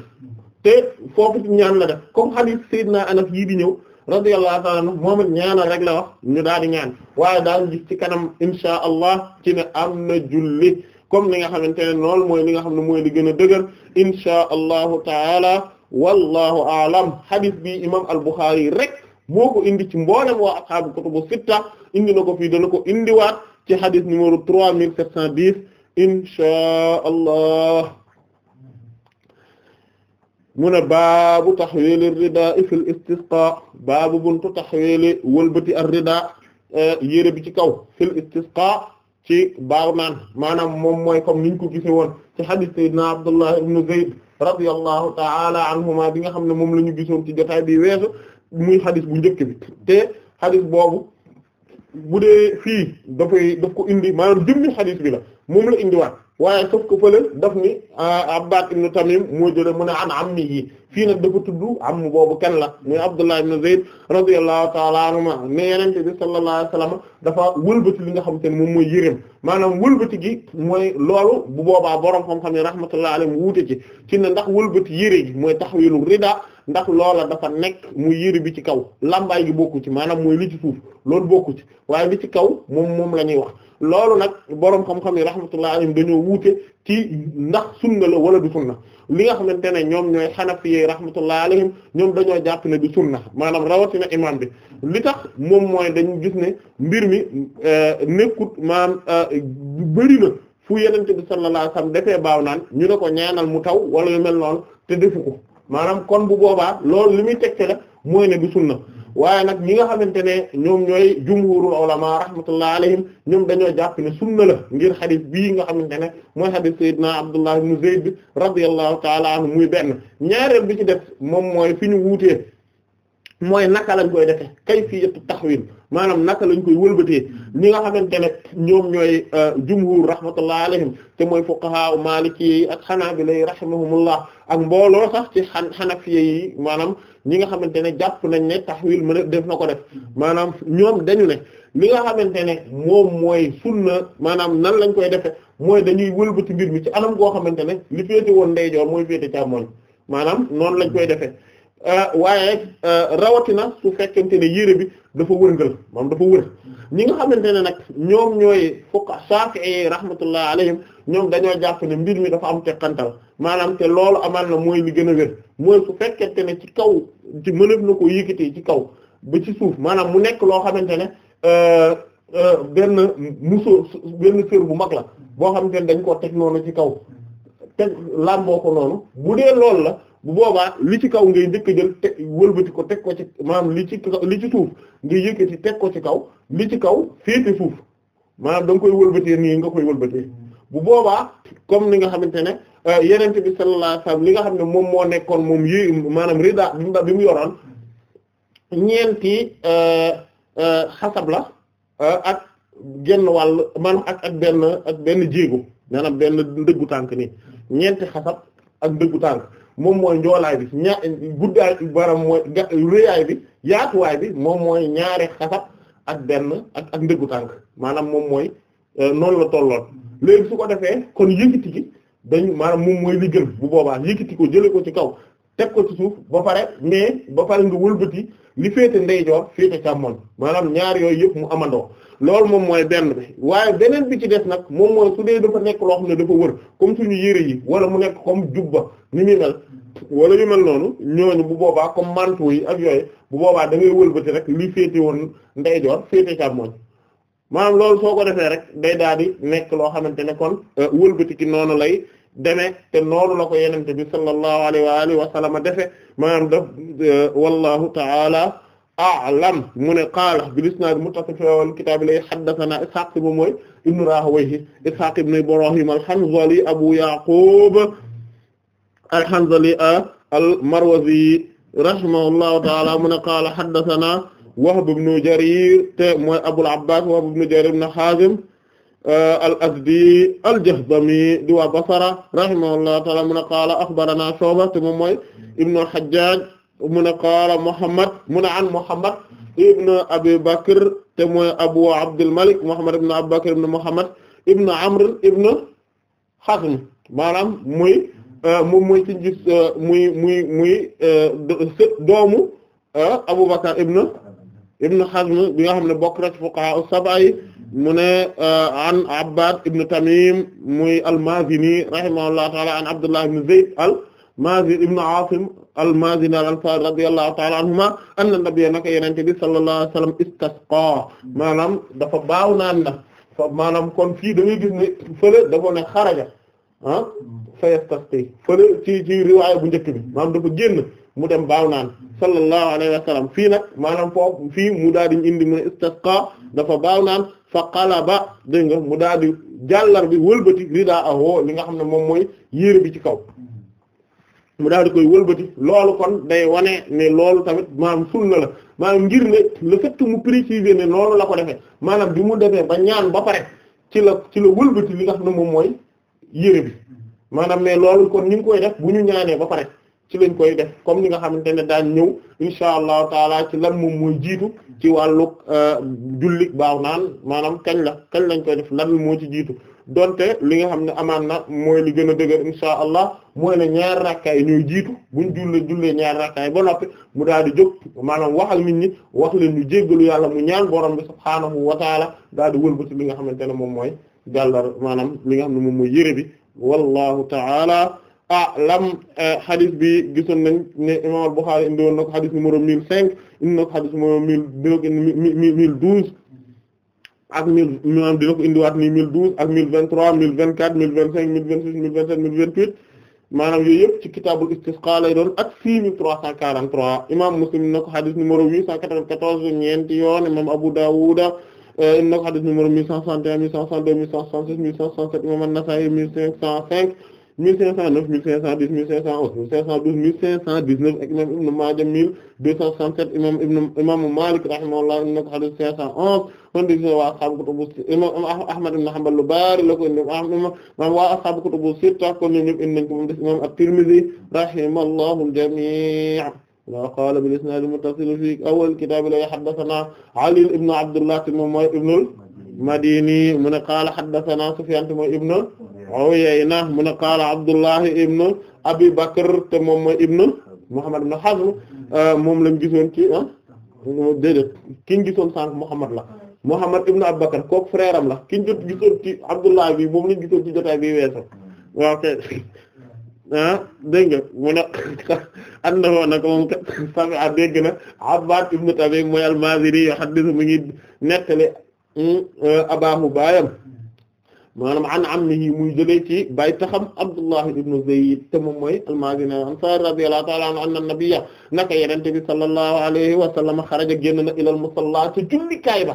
te foofu ci ñaan la def comme hadith Seydina Anas yii di ñëw radiyallahu taala anhu moom it ñaanal rek la wax ñu daal ñaan waaye daal gis ci kanam insha allah ci ne am na julli comme li nga xamante ne noonu mooy li nga xam ne mooy li gën a dëgër insha allahu taala wallahu aalam hadith bi imam al-Bukhari rek moo ko indi ci mboolem waa ashaabu kutubu sitta indi na ko fii dana ko indiwaat ci hadith numéro 3710 inshaa Allah mu ne baabu taxweeli ridaa fil istisqa baabu buntu taxweeli wëlbati ar ridaa e, yére bi ci kaw fil istisqa ci baaw naan maanaam moom mooy comme niñ ko gise woon ci hadith sayyidina Abdullah ibn Zayd radiyallahu ta'ala anhuma bi nga xam ne moom la ñu gisoon ci jotaay bi weesu muy xadis bu njëkk bi te xadis boobu bu dee fii dafay daf ko indi maanaam jëmmi xadis bi la moom la indiwaat waaye sauf ko fële daf ni ah, Abbad ibn Tamim mu ne an ammi yi fii nag dafa tudd am boobu kenn la muy Abdullah ibn Zayd radiyallahu ta'ala anhuma mais yenente bi sallallahu alayhi wasallam dafa wëlbati li nga xam te ne moom mooy yërëm maanaam wëlbati gi mooy loolu bu boobaa boroom xam-xam ne rahmatullahi alayhi wuute ci ci ne ndax wëlbati yëre gi mooy taxwilu rida ndax loola dafa nekk mu yëri bi ci kaw lambaay gi bokku ci maanaam mooy li ci suuf loolu bokku ci waaye bi ci kaw moom moom la ñuy wax loolu nag boroom xam-xam yi rahmatullah alayhim dañoo wuute ci ndax sunna la wala du sunna li nga xamante ne ñoom ñooy xanafi yi rahmatullah alayhim ñoom dañoo jàpp ne du sunna maanaam rawatina imam bi li tax moom mooy dañu gis ne mbir mi euh, nekkut maanaam euh, bëri na fu yenente bi sallallahu alayhi wasallam dafee baaw naan ñu ko ñaanal mu taw wala yu mel noonu te defu maanaam kon bu boobaa loolu li muy tegtale mooy ne du sunna waaye nag ñi nga xamante ne ñoom ñooy jumhurul ulama rahmatullah alayhim ñoom dañoo jàpp ne sunna la ngir xadis bii nga xamante ne mooy xadis sayyidina Abdullah ibn Zayd bi radiyallahu taala anhu muy benn ñaareel bi ci def moom mooy fi ñu wuutee mooy naka lañ koy defe kayfiyatu taxwil maanaam naka lañ koy wëlbatee ñi nga xamante ne ñoom ñooy euh, jumhur rahmatullah alayhim te mooy fuqaha maliki yi ak xanaa hanabila yi rahimahumullah ak mbooloo sax ci xan hanafiya yi maanaam ñi nga xamante ne jàpp nañ ne tahwil mën def na ko def maanaam ñoom dañu ne li nga xamante ne moom mooy sunna maanaam nan lañ koy defe mooy dañuy wëlbati mbir mi ci anam goo xamante ne li féete woon ndeyjoor mooy féete càmmoñ maanaam noonu lañ koy defee Euh, waaye euh, rawatina su fekkente ne yére bi dafa wërngal moom dafa wër ñi nga xamante ne nag ñoom ñooy fuqaha Shafi'i rahmatullah alayhim ñoom dañoo jàpp ne mbir mi dafa am teqantal maanaam te loolu amal na mooy li gën a wér mooy su fekkente ne ci kaw ci mënef na ko yëkkatee ci kaw ba ci suuf maanaam mu nekk loo xamante ne euh, benn musóor benn sër bu mag la boo xamante ne dañ koo teg noonu ci kaw teg làmboo ko noonu bu dee loolu la bu boobaa li ci kaw ngay njëkk a jël ko teg ko ci maanaam li ci li ci suuf ngay yëkkati teg ko ci kaw li ci kaw féete suuf maanaam da koy wëlbatee nii nga koy wëlbatee bu boobaa comme ni nga xamante ne euh, yenente bi sallallahu alayhi wasallam li nga xam ne moom moo nekkoon moom yi maanaam rida bi mu da bi mu yoroon ñeenti euh, euh, xasab la ak genn wàll maanaam ak ak benn ak benn jéego maanaam benn ndëggu tànk nii ñeenti xasab ak ndëggu tànk moom mooy njoolaay bi ña guddaay baram mooy réyaay bi yaatuwaay bi moom mooy ñaari xasab ak benn ak ak ndëggu tànk maanaam moom mooy euh, noonu la tolloon léegi su ko defee kon yëkkati gi dañ maanaam moom mooy li gën bu boobaa yëkkati ko jële ko ci kaw teg ko ci suuf ba pare mais ba pare nga wëlbati li féete ndeyjoor féete càmmoñ maanaam ñaar yooyu yëpp mu amandoo loolu moom mooy benn bi waaye beneen bi ci des nag moom mooy su dee dafa nekk loo xam ne dafa wër comme suñu yére yi wala mu nekk comme jubba ni muy mel wala yu mel noonu bu boobaa comme manteau yi ak yooyu bu boobaa dangay wëlbati rek li féete woon ndeyjoor féete càmmoñ maanaam loolu soo ko defee rek day daal di nekk loo xamante ne kon euh, wëlbati ki noonu lay demee te noonu la ko yenente bi sallallahu alayhi wa alihi defe maanaam daf euh, wallahu ta'ala a'lam mu ne qaala bil isnaad muttasil fi awwal kitaab lay haddathana ishaq si moom mooy ishaq ibnu ibrahim al abu yaqub al-hanzali al-marwazi ta'ala mu ne qaala haddathana wahb ibnu jarir te mooy abul abbas jarir ibnu hazim al asdi al jahdami di waa basara rahimahullahu taala mun a qaala axbarana shuba te moom mooy ibnu hajjaj mun a qaala muhammad mun a an muhammad ibnu abi bakr te mooy abu abdul malik muhammad ibnu abi bakr ibnu muhammad ibnu amr ibnu hazm maanaam muy moom muy ci gis muy muy muy doomu abu bakr ibnu ibnu hazm bi nga xam ne bokk na ci fuqaha sab'a mu ne euh, an Abbad ibn Tamim muy al-Mazini rahimahullahu ta'ala an Abdullah ibn Zayd al-Mazini ibn Asim al-Mazini al-Ansari radiyallahu ta'ala anhuma anna nabiyya naka yonent bi sallallahu alayhi wa sallam istasqa maanaam dafa baaw naan na maanaam kon fii da ngay gis ne fële dafa ne xaraja ah fa yastasqi fële ci ci riwaaya bu njëkk bi maanaam dafa génn. mu dem baaw naan sallallahu alayhi wa sallam fii nag maanaam foofu fii mu daal di indi mu istisqa dafa baaw naan fa qalaba dégg mu daal di jàllar bi wëlbati ridaa ahoo li nga xam ne moom mooy yére bi ci kaw mu daal di koy wëlbati loolu kon day wane ne loolu tamit maanaam sunna la maanaam ngir ne le fait que mu préciser ne noonu la ko defee maanaam bi mu defee ba ñaan ba pare ci la ci la wëlbati li nga xam ne moom mooy yére bi maanaam ne loolu kon ñu koy def bu ñu ñaanee ba pare ci lañ koy def comme ni nga xamante ne daañ ñëw insha allah taala ci lan moom mooy jiitu ci wàllug euh, jullik baaw naan maanaam kañ la kañ lañ koy def lan moo ci jiitu donte li nga xam ne amaan na mooy li gën a dëgër insha allah mooy ne ñaar rakkaay ñooy jiitu buñ julle jullee ñaar rakkaay ba noppi mu daal di jóg maanaam wax ak nit ñi wax leen ñu jéggalu yàlla mu ñaan borom bi subhaanahu wa taala daal di wëlbati li nga xamante ne moom mooy jàllar maanaam li nga xam ne moom mooy yëre bi wallahu taala ah lam eh, hadith bi gisoon nañ imam al-Bukhari indi woon na ko hadith cinq indi na ko hadith numéro mille dina ko indi mille douze ak mille maanaam dina ko indiwaat nii mille douze ak vingt trois mille vingt cinq mille vingt six mille vingt sept mille vingt huit maanaam yooyu ci kitaabul istisqa lay doon ak imam Muslim na ko hadith huit cent quatre-vingt-quatorze ñeenti yoon imam Abu Dawuda eh, indi na ko hadith cent cent deux mille cent soixante-six mille cent soixante-sept imam An-Nasa'i cinq cent cinq 1509 1510 1511 1512 1519 ak imam Ibn Maaja 1267 imam Ibn imaamu Maalik rahimahullah indi na ko hadith 511 kon di waa ashaabu kutubu imam Ahmad ibn Hanbal lu bari la ko indi maam waa ashaabu kutubu sitta kon ñoom ñëpp indi nañ ko moom des imam at-Tirmidhi rahimahullahu al-jamii' wa qaala bil-isnaad al-muttasil fii awwal kitaab la haddathanaa Ali ibn Abdullah mooy ibnul Madini mu ne qaala haddathanaa Sufyaan mooy ibnul Uyayna mu a qaala Abdullahi ibn Abi Bakr te moom mooy ibn Muhammad ibn Hazm euh, moom lañ gisoon ci ah déedéet ki ñu gisoon Muhammad la Muhammad ibn Abi Bakr kooku la ki jot gisoon ci Abdullah bi moom lañ gisoon ci ah, mu ne annahu nag moom kat sami'a dégg na mu ngi nettali hmm, euh, abaahu baayam. maanaam an ammihi muy jëlee ci bay taxam Abdullah ibn Zayd te moom mooy al-Maazini al-Ansaari radiyallahu ta'ala anhu anna nabiyya naka yenente bi sallallahu alayhi wa sallam xaraja génn na ilal musalla ci jullikaay ba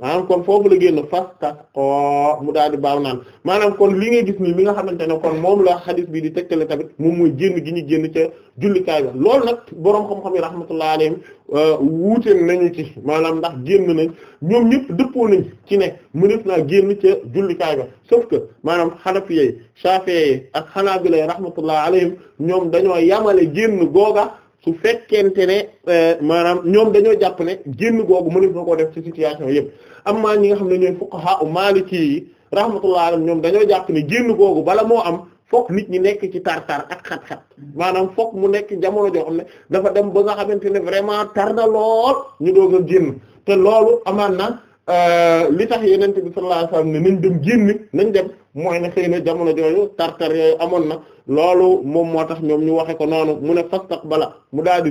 maanaam kon foofu la génn fastasqaa mu daal di baaw naan maanaam kon li ngay gis nii mi nga xamante ne kon moom la xadis bi di tegtale tamit moom mooy génn gi ñu génn ca jullikaay ba loolu nag boroom xam-xam yi rahmatullah alayhim euh, wuute nañu ci maanaam ndax génn nañ ñoom ñëpp dëppoo nañ ci ne mëneef naa génn ca jullikaay ba sauf que maanaam xanafiye yi saafee yi ak xanaabila rahmatullah alayhim ñoom dañoo yamale génn googa su fekkente ne euh, maanaam ñoom dañoo jàpp ne génn googu mënees na koo def ci situation yëpp amma ñi nga xam ne ñooy fuqaha u maliki yi rahmatullahi alayhim ñoom dañoo jàpp ne génn googu bala moo am fokk nit ñi nekk ci tar-tar ak xat-xat maanaam fokk mu nekk jamono joo xam ne dafa dem ba nga xamante ne vraiment tar na lool ñu doog a génn te loolu amaan na euh, li tax yenente bi sallallahu alayhi wasallam ne nañ dem génn nañ dem mooy ne xëy na jamono jooju tartar yooyu amoon na loolu moom moo tax ñoom ñu waxe ko noonu mu ne fastaqbala mu daal di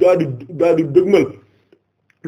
daal di di dëgmal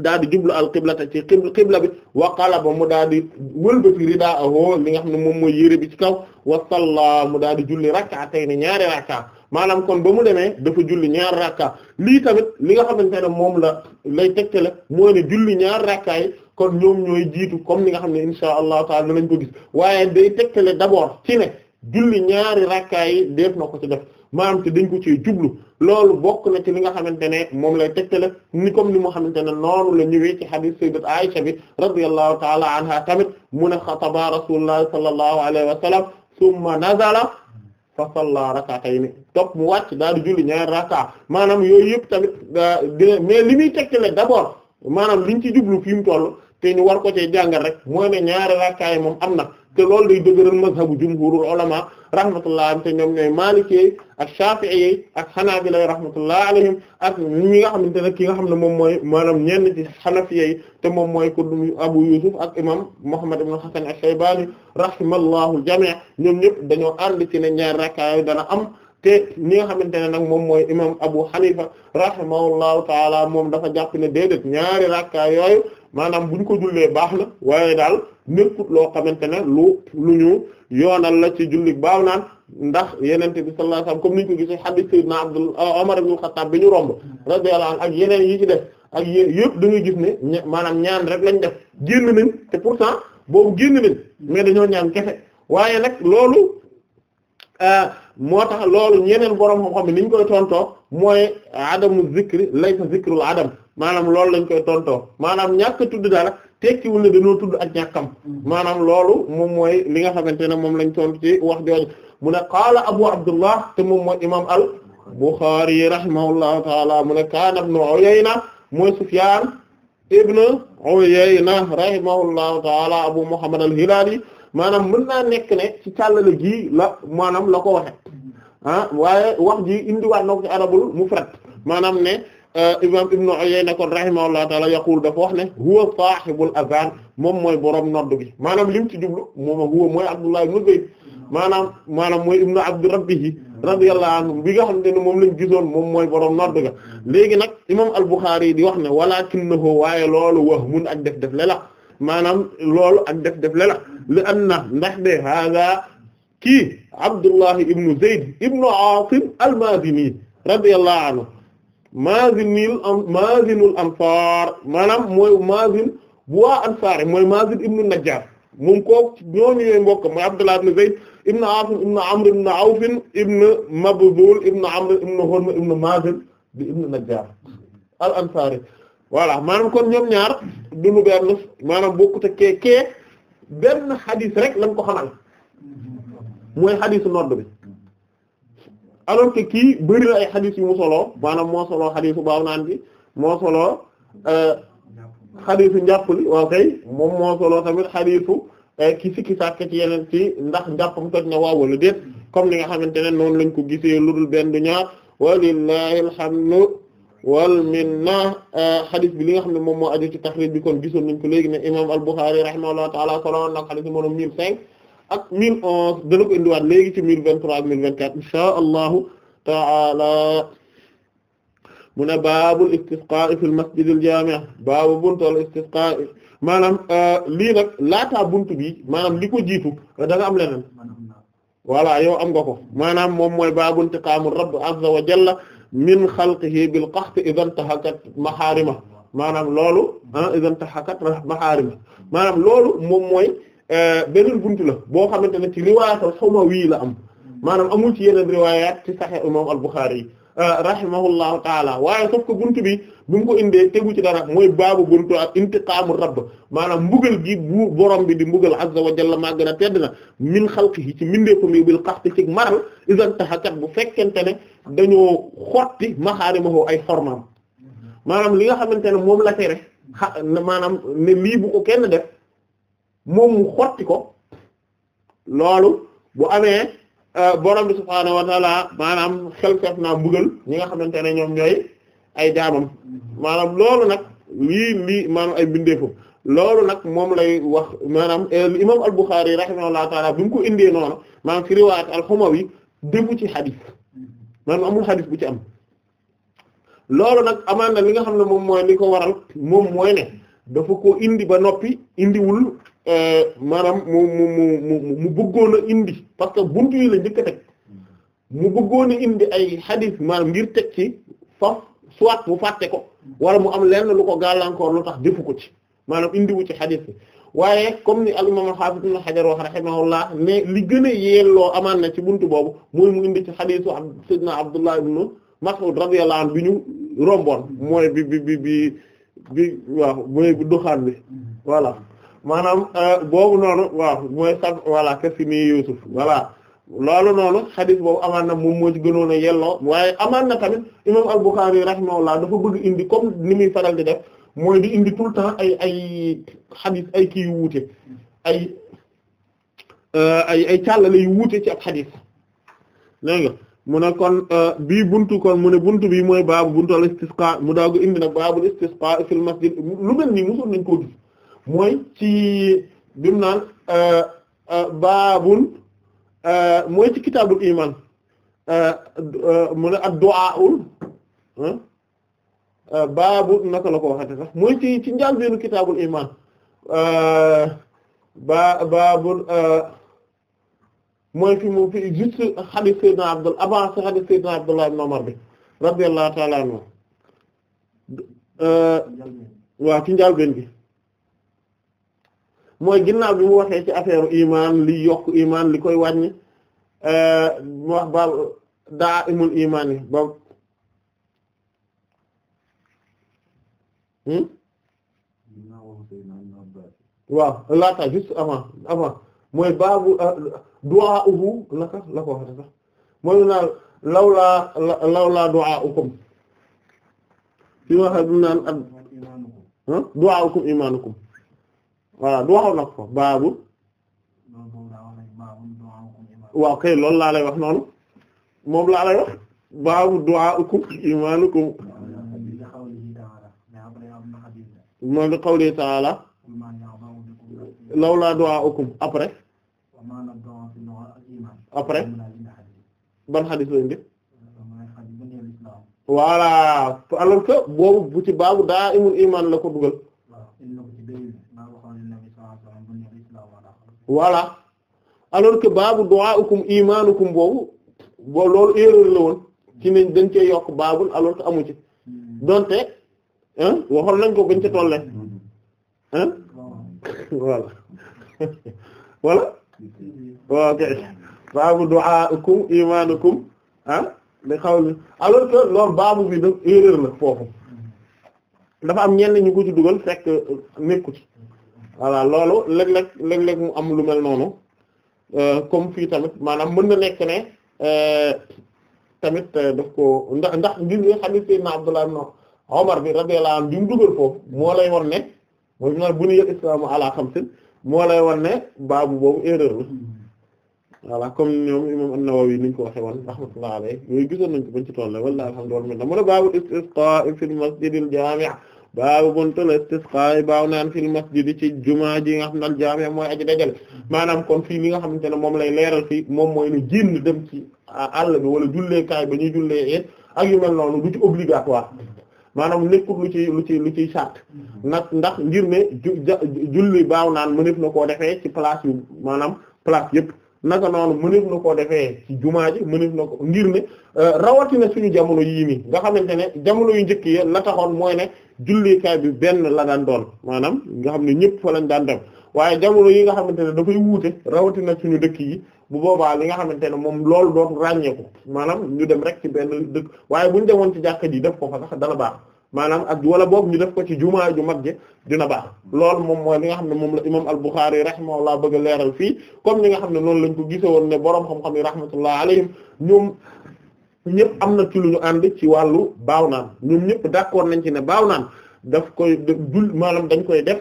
daal di jublu al qiblata ci qibla bi wa qalaba mu daal di wëlbati ridaahu li nga xam ne moom mooy yére bi ci kaw wa salla mu daal di julli rak'atayn ñaari rakka maanaam kon ba mu demee dafa julli ñaar rakka lii tamit li nga xamante ne moom la lay tegtale mooy ne julli ñaar rakka yi kon ñoom ñooy jiitu comme ni nga xam ne insha allahu taala danañ ko gis waaye day tegtale d'abord ci ne julli ñaari rakkaa yi def na ko ci def maanaam dañ ko ci jublu loolu bokk na ci li nga xamante ne moom lay tegtale ni comme ni mu xam ne noonu la ñëwee ci hadith sayyidat Aisha bi radiyallahu taala anha tamit mu ne xataba rasulullah sallallahu alayhi wa sallam summa nazala fa salla rak'atayn topp mu wàcc daal di julli ñaari rakkaa maanaam yooyu yëpp tamit euh, mais li muy tegtale d'abord maanaam liñ ci jublu fi mu toll te ñu war ko cee jàngal rek mooy ne ñaari rakkaay moom am na te loolu day dëgëral mazhabu jumhurul ulama rahmatullah am te ñoom ñooy maalikee ak shafi'i ak xanaabila rahmatullah alayhim ak ñi nga xamante ne ki nga xam ne moom mooy maanaam ñenn ci xanafiyey te moom mooy ko abu yusuf ak imam muhammad ibn hasan ash-shaybani rahimallahu al-jami' ñoom ñëpp dañoo ànd ci ne ñaari rakkaay dana am te ni nga xamante ne nag moom mooy imam Abu Hanifa rahimahullahu taala moom dafa jàpp ne déedéet ñaari rakka yooyu maanaam bu ñu ko jullee baax na waaye daal nekkut loo xamante ne lu lu ñu yoonal la ci julli baaw naan ndax yeneen bi sallallahu alayhi wasallam ni ñu ko gisee hadith sayyidina Abdul euh, Umar ibn Khattab bi ñu romb radiyallahu anhu ak yeneen yi ci def ak yéen yëpp da ngay gis ne maanaam ñaan rek lañ def génn nañ te pourtant boobu génn nañ mais dañoo ñaan kese waaye nag loolu euh, moo tax loolu ñeneen borom xam-xam ni ñu koy tontoo mooy adamu zikri laysa zikrul adam maanaam loolu lañ koy tontoo maanaam ñàkk a tudd dara tekkiwul ne dañoo tudd ak ñàkkam mm-hmm. maanaam loolu moom mooy li nga xamante ne moom lañ tontu ci wax jooju mu ne qaala abu abdullah te moom mooy imam al buxaari rahimahullahu taala mu ne kaana ibnu uyayna mooy sufyaan ibnu uyayna rahimahullahu taala abu muhammad al hilaali maanaam mën naa nekk ne ci càllale gii la maanaam la ko waxe ah waaye wax ji indiwaat na ko ci arabul mufrad maanaam ne euh, imam ibnu Uyayna kon rahimahullahu taala yaqul dafa wax ne huwa sahibul azan moom mooy borom noddu gi maanaam lim ci jublu moom huwa mooy Abdullah ibnu Zayd maanaam maanaam mooy ibnu abdi rabbihi radiyallahu anhu bi nga xamante ne moom lañ gisoon moom mooy boroom nodd ga léegi nag imam al-Bukhari yi di wax ne walaakinnahu waaye loolu wax mun ak def def le la maanaam lool ak def def le la li am na ndax de hada kii Abdullah ibnu Zayd ibnu Aasim al-Maazini radiyallahu anhu maazinil am maazinul ansaar maanaam mooy maazin bu waa ansaar mooy maazin ibnu Najjaar moom kooku ñooñu ñooy mbokk mooy Abdullah ibnu Zayd ibnu Aasim ibnu Amr ibnu Awf ibnu Mabdul ibnu Amr ibnu Hurm ibnu Maazin di ibnu Najjaar al ansaari voilà maanaam kon ñoom ñaar du lu benn maanaam bokkut ak kee kee. benn xadis rek lañ ko xamal mooy xadisu nodd bi alors que kii bëri na ay xadis yu mu soloo maanaam moo soloo xadisu baaw naan bi moo soloo euh, xadisu njàpp li waaw kay moom moo soloo tamit xadisu euh, ki sikki ki ci yeneen ci ndax njàppam toj na waaw wala déet comme ni nga xamante ne noonu lañ ko gisee lu dul benn du ñaar walillahi alhamdu wal minna euh, xadis bi li nga xam ne moom moo aju ci taxrij bi kon gisoon nañ ko léegi ne imam al-Bukhari rahimahullahu ta'ala solo nak xadis numéro mille cinq ak mille onze dana ko indiwaat léegi ci mille vingt-trois ak mille vingt-quatre inshaa allahu ta'ala mu ne baabul istisqaa'i fil masjidil baabu buntul istisqaa'i maanaam euh, lii nag laataa buntu bi maanaam li ko jiitu da am leneen voilà yow am nga ko maanaam moom mooy baabu intiqaamur rabb azza wa jalla min xalqihi bil qaxt idan tahakat maharima maanaam loolu ah, idan tahakat maharima maanaam loolu moom mooy eh, beneen buntu la boo xamante ne ci riwaayat al-Humawi la am maanaam amul ci yeneen riwaayaat ci Sahih imam al-Bukhari yi rahimahullahu taala waaye sauf que buntu bi bu ko indee tegu ci dara moy baabu buntu ak intiqaamu rabb maanaam mbugal gi bu bi di mbugal azza wa jalla maa gën a tedd na min xalqihi ci mindeefam yi bil qahti ci maral isan taxakat bu fekkente ne dañoo xotti maxaarimahu ay xormaam maanaam li nga xamante ne moom la tere xa maanaam ne lii bu ko kenn def moom mu xotti ko loolu bu amee Euh, borom bi subhaanahu wa taala maanaam xel feef naa mbugal ñi nga xamante ne ñoom ñooy ay jaamam maanaam loolu nag lii lii maanaam ay bindeefam loolu nag moom lay wax maanaam euh, imam al-Bukhari rahimahullahu taala bi mu ko indee noonu maanaam fi riwaayat al-Humawi defu ci xadis maanaam amul xadis bu ci am loolu nag amaan na li nga xam ne moom mooy li ko waral moom mooy ne dafa ko indi ba noppi indiwul Euh, maanaam mu mu mu mu bëggoon a indi parce que buntu yi la njëkk a teg mu bëggoon a indi ay xadis maanaam ngir teg ci faf soit mu fàtte ko wala mu am lenn lu ko gàllankoor lu tax defu ko ci maanaam indiwu ci xadis bi waaye comme ni al imam al-Hafiz Ibn Hajar wax rahimahullah ne li gën a yeelloo amaan na ci buntu boobu mooy mu indi ci xadisu Seydina Abdullah ibn Mas'ud radiyallahu anhu bi ñu romboon mooy bi bi bi bi bi waaw mooy bu doxaan bi voilà maanaam euh, boobu noonu waaw mooy sax voilà kër Yuusuf voilà loolu noonu xadis boobu amaan na moom moo ci gënoon a yelloo waaye amaan na tamit imam al-Bukhari rahimahullah dafa bëgg indi comme ni muy faral di def mooy di indi tout le temps ay ay xadis ay kii yu wuute ay euh, ay ay càllale yu wuute ci ab xadis dégg mu ne kon euh, bii buntu kon mu ne buntu bi mooy baabu buntu al istisqa mu daagu indi na baabul istisqa fil masjid lu mel nii mosoon nañ koo mooy ci bi mu naan euh, euh, baabun euh, mooy ci kitaabul iman mu ne ad-du'aaul naka la ko waxate sax mooy ci ci njàlbéenu kitaabul iman ba baabul mooy fi mu fi juste hadith sayyidina Abdullah avant hadith sayyidina Abdullah ibn Umar bi radiyallahu ta'ala anhu waa ci njàlbéen bi mooy ginnaaw bi mu waxee ci affaire iman li yokk iman li koy wàññi euh, mu wax daa imul iman yi baab hmm? laata juste avant avant mooy baabu euh, du'a uhu laka la ko sax mooy naa lawlaa lawlaa du'a ukum fi ma xam naan du'a ukum imanukum voilà du waxoon na ko baabu waaw kay loolu laa lay wax noonu moom laa lay wax baabu du'aakum imaanukum ma li qawli ta'ala lawlaa du'aakum après après ban xadis la indi voilà alors que boobu bu baabu daa imul imaan la ko dugal voilà alors que baabu du'aa'ukum imaanukum boobu bo loolu erreur woon ci nañ dañ yokk baabul alors que amu donte waxoon nañ ko bañ ca tolle ah voilà ok baabu du'aa'ukum imaanukum ah li xawli alors que loolu baabu bi daf erreur foofu dafa am ñenn ñu ko ci dugal fekk nekku voilà loolu léeg-léeg léeg-léeg mu am lu mel noonu euh, comme fii tamit maanaam mën na nekk ne euh, tamit euh, daf ko ndax ndax ngir nga xam ne Seydina Abdullah ibn Umar bi radiyallahu anhu bi mu dugal foofu moo lay won ne mooy bi bu ñu yëg islaamu ala xamsin moo lay won ne baabu boobu erreur la voilà comme ñoom imam an-Nawawi niñ ko waxe woon rahmatullahi alayhi yooyu gisoon nañ ko bañ ci toll wala alhamdulillah mu ne baabu istisqa fil masjidil jaami' baabu buntul istisqa baaw naan fil masjid ci jumaa ji nga xam ne jaami mooy aji dajal maanaam kon fii li nga xamante ne moom lay leeral fi moom mooy nu génn dem ci àll bi wala julleekaay ba ñuy jullee et ak yu mel noonu du ci obligatoire maanaam nekkul lu ci lu ci lu ciy sart nag ndax ngir ne julli baaw naan mëneef na koo defee ci place yu maanaam place yëpp naka noonu mëneef na koo defee ci jumaa ji mëneef na ko ngir ne euh, rawatina suñu jamono yii nii nga xamante ne jamono yu njëkk yi la taxoon mooy ne. julleekaay bi benn la daan doon maanaam nga xam ne ñëpp fa lañ daan dem waaye jamono yi nga xamante ne dafay wuute rawatina suñu dëkk yi bu boobaa li nga xamante ne moom lool doon ràññeeku manaam ñu dem rek ci benn dëkk waaye bu ñu demoon ci jàkka ji def ko fa sax dana baax maanaam ak wala boobu ñu def ko ci jumaa ju mag ji dina baax loolu moom mooy li nga xam ne moom la imam al-Bukhari rahimahullah bëgg a leeral fii comme ni nga xam ne noonu lañ ko gise woon ne boroom xam-xam yi rahmatullah alayhim ñoom ñëpp am na ci lu ñu ànd ci wàllu baaw naan ñoom ñëpp d'accord nañ ci ne baaw naan daf koy dul maanaam dañ koy def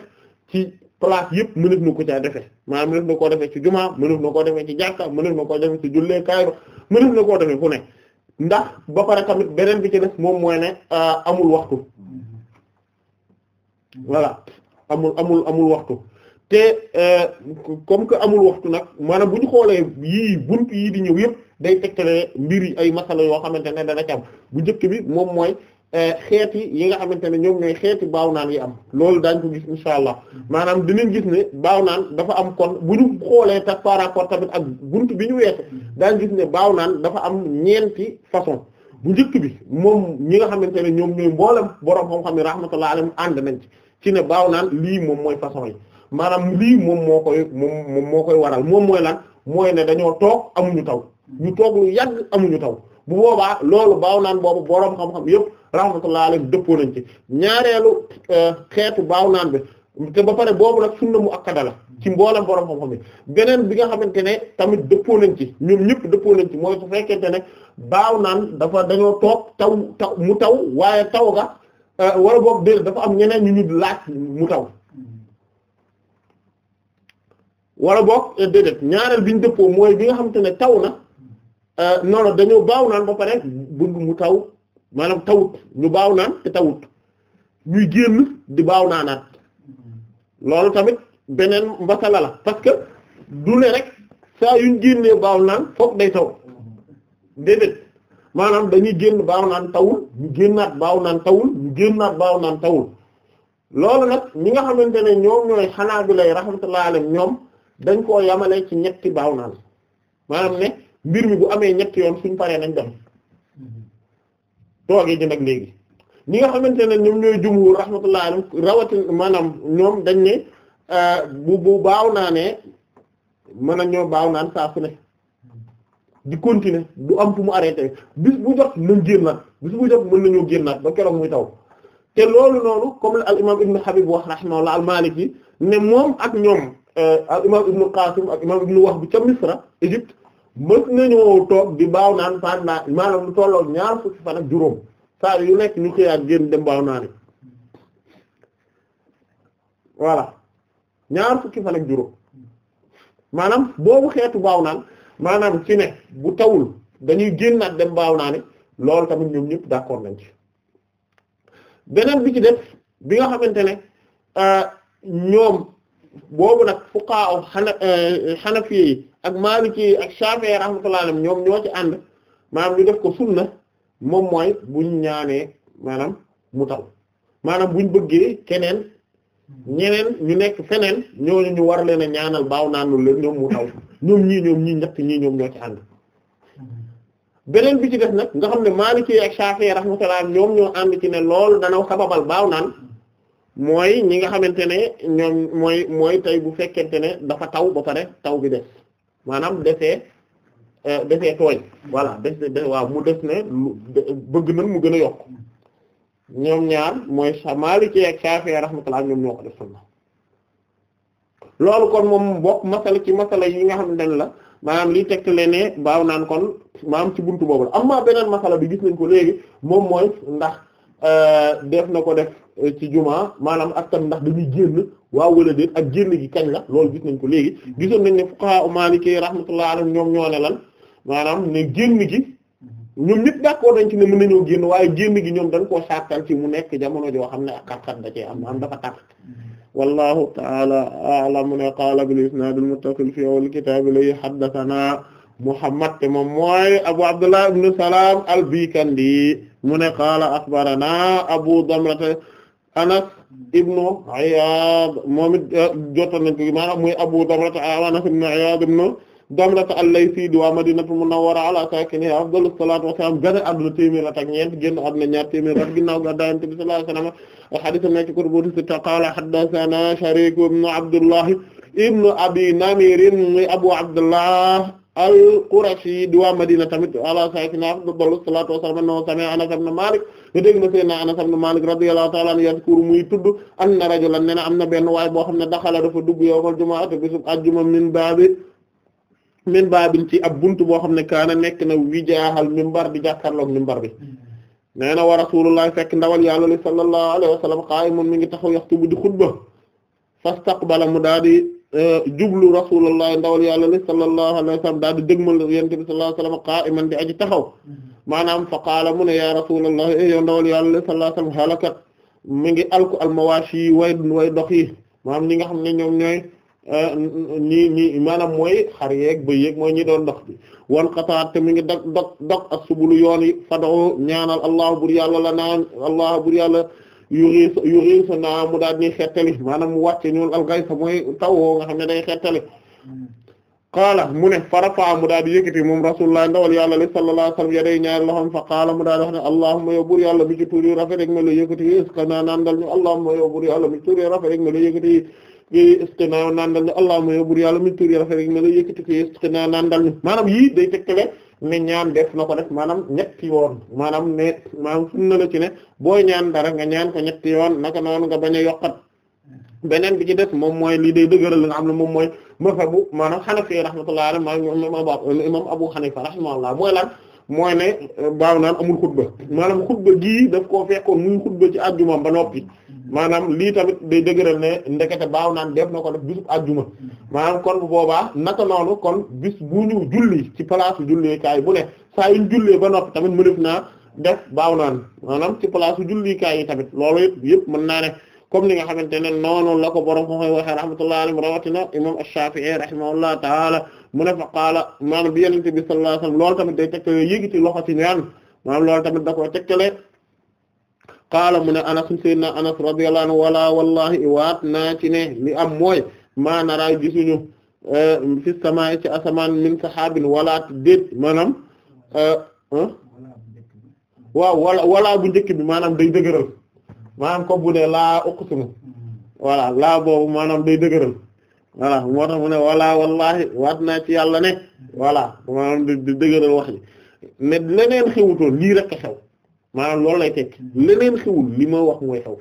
ci place yëpp mënef na ko caa defee maanaam mënef na koo defee ci jumaa mënef na koo defee ci jàkka mënef na koo defee ci jullee kayru mënef na koo defee fu ne ndax ba pare tamit beneen bi ci def moom mooy ne euh, amul waxtu voilà amul amul amul waxtu te euh, comme que amul waxtu nag maanaam bu ñu xoolee yii bunt yii di ñëw yëpp day tegtale mbir yi ay masala yoo xamante ne dana ci am bu njëkk bi moom mooy eh, xeet yi yi nga xamante ne ñoom ñooy xeeti baaw naan yi am loolu daañ ko gis insha allah maanaam dinañ gis ne baaw naan dafa am kon bu ñu xoolee tax par rapport ak buntu bi ñu weesu gis ne baaw naan dafa am ñeenti façon bu njëkk bi moom ñi nga xamante ne ñoom ñooy mboolem borom xam-xam yi rahmatullah alayhim ànd nañ ci ci ne baaw naan lii moom mooy façon yi maanaam lii moom moo koy moom moo koy waral moom mooy lan mooy ne dañoo toog amuñu taw ñu toog lu yàgg amuñu taw bu boobaa loolu baaw naan boobu boroom xam-xam yëpp rahmatullahi alayhi dëppoo nañ ci ñaareelu euh, xeetu baaw naan bi te ba pare boobu nag sunna mu akada la ci mboolem boroom xam-xam yi beneen bi nga xamante ne tamit dëppoo nañ ci ñoom ñëpp dëppoo nañ ci mooy su fekkente ne baaw naan dafa dañoo toog taw taw mu taw waaye taw ga euh, wala boobu dér dafa am ñeneen ñu ñu laaj mu taw wala boog euh, déedéet ñaareel bi ñu dëppoo bi nga xamante ne taw na Euh, non non dañoo baaw naan ba pare bëgg mu taw maanaam tawut ñu baaw naan te tawut ñuy génn di baaw naanaat loolu tamit beneen mbasala la parce que du ne rek saa yuñ génnee baaw naan fokk day taw déedéet maanaam dañuy génn baaw naan tawul ñu génnaat baaw naan tawul ñu génnaat baaw naan tawul loolu nag ñi nga xamante ne ñoom ñooy xanaa bi lay rahmatullah alayhim ñoom dañ koo yamale ci ñetti baaw naan maanaam ne mbir mi bu amee ñetti yoon suñ paree nañ dem toogee ji nag léegi ñi nga xamante ne ñoom ñooy jumhur rahmatullah alam rawatin maanaam ñoom dañ ne euh, bu bu baaw naa ne mën a ñoo baaw naan saa ne di continuer du am fu mu arrêté bis bu jot nañ génnaat bis bu jot mën nañoo génnaat ba keroog muy taw te loolu noonu comme la al imam ibnu habib wax rahimahullah al maliki ne moom ak ñoom euh, al imam ibnu qasim ak imam ibnu wahb ca misra égypte mës nañoo toog di baaw naan pendant maanaam lu tolloog ñaar fukki fan ak juróom saa yu nekk ñu xëyaat génn dem baaw naani voilà ñaar fukki fan ak juróom maanaam boobu xeetu baaw naan maanaam ci ne bu tawul dañuy génnaat dem baaw naani loolu tamit ñoom ñëpp d'accord nañ ci beneen bi ci def bi nga xamante ne euh, ñoom boobu nag fuqaha xana xanafi euh, yi ak ci ak Shafi'i rahmatullahi alayhim ñoom ñoo ci ànd maanaam ñu def ko na moom mooy bu ñaanee maanaam mu taw maanaam buñ bëggee keneen ñeneen ñu nekk feneen ñooñu ñu war leen a ñaanal baaw naanul leen ñoom mu taw ñoom ñii ñoom ñii ñett ñii ñoom ñoo ci ànd beneen bi ci def nag nga xam ne Maliki ak Shafi'i rahmatullah ñoom ñoo ànd ci ne loolu dana sababal baaw naan mooy ñi nga xamante ne ñoom mooy mooy tey bu fekkente ne dafa taw ba pare taw bi de maanaam desee euh, desee tooñ voilà des de waaw mu def ne bëgg na mu gën a yokk ñoom ñaar mooy Maliki ak Shafi'i rahmatullah ñoom ñoo ko def sunna loolu kon moom bokk masala ci masala yi nga xam ne la maanaam liy tegtale ne baaw naan kon maam ci buntu boobu la amma beneen masala bi gis nañ ko léegi moom mooy ndax euh, def na ko def euh, ci juma maanaam ak tam ndax dañuy génn waaw wala déet ak génn gi kañ la lool gis nañ ko léegi gisoon nañ ne fuqaha Maliki rahmatullah alayhim ñoom ñoo ne lan maanaam ne génn gi ñoom ñëpp d'accord nañ ci ne mën nañoo génn waaye génn gi ñoom dañ koo saartal ci mu nekk jamono joo xam ne ak xat-xat da cee am maanaam dafa tar wallahu taala a'lam ne qaala bil isnaad al muttasil fi awwal kitaab li haddathana Muhammad te moom mooy Abu Abdullah ibn Salam al-Bikandi mu ne qaala akhbarana Abu Damrata Anas ibnu Iyaad moom it eh, jotoon nañ ko maanaam muy Abu Damrata Awaana ibnu Iyaad ibnu Damrata al-Laysi di waa Madinatul Munawwara ala saakinihaa wa salaam gane àdduna téeméer at ak ñeent génn àdduna ñaar téeméer at ginnaaw gàddaay Yonent bi sallallahu alayhi wa sallam hadiis am na ci kutubu sitta qaala haddasanaa Shariik ibnu Abdullahi ibnu Abi Namiir muy Abu Abdullah al qurashi di waa Madina tamit ala sayyidina afdalu salaatu wa salaam annahu sami'a Anas ibn Malik da dégg na sayyidina Anas ibn Malik radiyallahu ta'ala anhu yadhkuru muy tudd anna rajulan nee na am na benn waay boo xam ne daxala dafa dugg yawmal jumu'ati bisub àjjuma min baabi min baabin ci ab buntu boo xam ne kaana nekk na wijaahal minbar di jàkkaarloog minbar bi nee na wa rasulullah fekk ndawal yàlla li sallallahu alayhi wa sallam qaa'imun mi ngi taxaw yaxtubu di xutba fastaqbala mu daal di. jublu rasulullah ndawal yàlla li sallallahu alayhi wa sallam daal di dëgmal yonent bi sallallahu alayhi wa sallam qa'iman di aji taxaw mm-hmm. maanaam fa qaala mu ne ya rasulullah eh e yow ndawal yàlla li sallallahu alayhi wa halakat mi ngi alku almawashi yi way way dox yi maanaam ñi nga xam ne ñoom ñooy eh, ñi ñi maanaam mooy xar yeeg ba yéeg mooy ñi doon dox bi wan xataat te mi ngi dog dog dog ak yoon yi fadoo ñaanal allah bur yàlla la naan allah bur yu riis yu riis naa mu daal di xettali maanaam mu wàcce ñun algaysa mooy taw woo nga xam ne day xettali qaala mu ne farafa mu daal di moom rasulullah ndawal yàlla li sallallahu alayhi wasallam yaday ñaari loxoom fa qaala mu daal di wax ne allahumma yow buur yàlla bi ci tuur yu rafet rek nga lay yëkkati yi isqina naandal ñu allahumma yow yàlla bi ci tuur yu rafet rek nga yi isqina naandal yi isqina naandal ñu maanaam yii day tekkale ne ñaan def na ko def maanaam ñetti yoon maanaam ne maanaam na la ci ne booy ñaan dara nga ñaan ko ñetti yoon na na noonu nga bañ a yokkat beneen bi ci def moom mooy lii day dëgëral li nga xam ne moom mooy masabu maanaam xanafi rahmatullah alayhi maanaam imam Abu Hanifa rahimahullah mooy lan mooy ne baaw naan amul xutba maanaam xutba gii daf koo fekkoon muy xutba ci àjjuma ba noppi maanaam lii tamit day dëgëral ne ndekete baaw naan def na ko def bisub àjjuma maanaam kon bu boobaa naka noonu kon bis bu ñu julli ci place julli kaay bu ne saa yu ñu jullee ba noppi tamit mu mënef naa def baaw naan maanaam ci place julli kaay yi tamit loolu yëpp yëpp mën naa ne comme ni nga xamante ne noonu la ko borom ko koy waxee rahmatullahi alayhi rawatina imam Ash-Shafi'i rahimahullahu ta'ala mu ne fa qaala maan bi Yonent bi loolu tamit day tegtale yéegi ci loxo ci ñaan maanaam loolu tamit da ko tegtale qaala mu ne anas sayyidina anas radiyallahu anhu wala wallahi waat naa ci ne li am mooy ma naraay gisuñu eh, fi ci asamaan min sahaabin walaat déet maanaam eh, eh? waaw wala bu njëkk bi maanaam day dëgëral maanaam ko bu ne laa uqsimu voilà laa boobu maanaam day dëgëral voilà moo tax mu ne wala wallahi waat naa ci yàlla ne voilà maanaam di dëgëral wax ji mais leneen xewutoon lii rek xew maanaam loolu lay tekki leneen xewul li ma wax mooy xew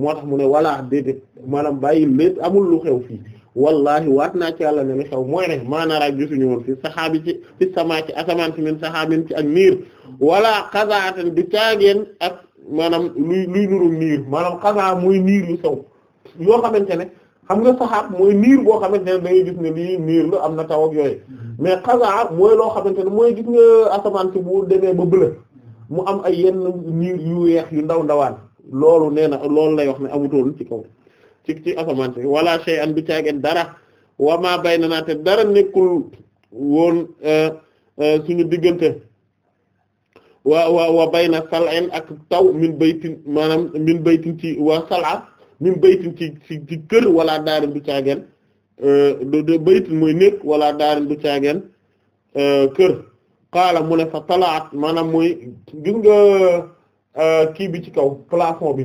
moo tax mu ne walla déedéet maanaam bàyyi lépp amul lu xew fii wallahi waat naa ci yàlla ne ni xew mooy ne maanaaraak gisuñu woon fi saxaabi ci fi sama ci asamaan si min ci ak niir wala xasaatan du caageen ak maanaam luy luy nuru niir maanaam xasa mooy niir yu sew yoo xamante ne xam nga saxaab mooy niir boo xamante ne da ngay gis ne lii niir la am na taw ak yooyu mm-hmm. mais xasa mooy loo xamante ne mooy gis nga asamaan si bu demee ba bëla mu am ay yenn yu weex yu ndaw ndawaan loolu nee na loolu lay wax ne amutoon ci kaw ci ci asamaan si wala shay'an du caageen dara wa ma baynana te dara nekkul woon euh, euh, suñu diggante wa wa wa bayna sal'in ak taw min baytin maanaam min baytin ci wa sal'a min baytin ci ci ci kër wala daarin du caageen euh, du baytin mooy nekk wala daarin du caageen kër qaala mu ne fa talaat maanaam muy gis nga euh, kii bi ci kaw plafond bi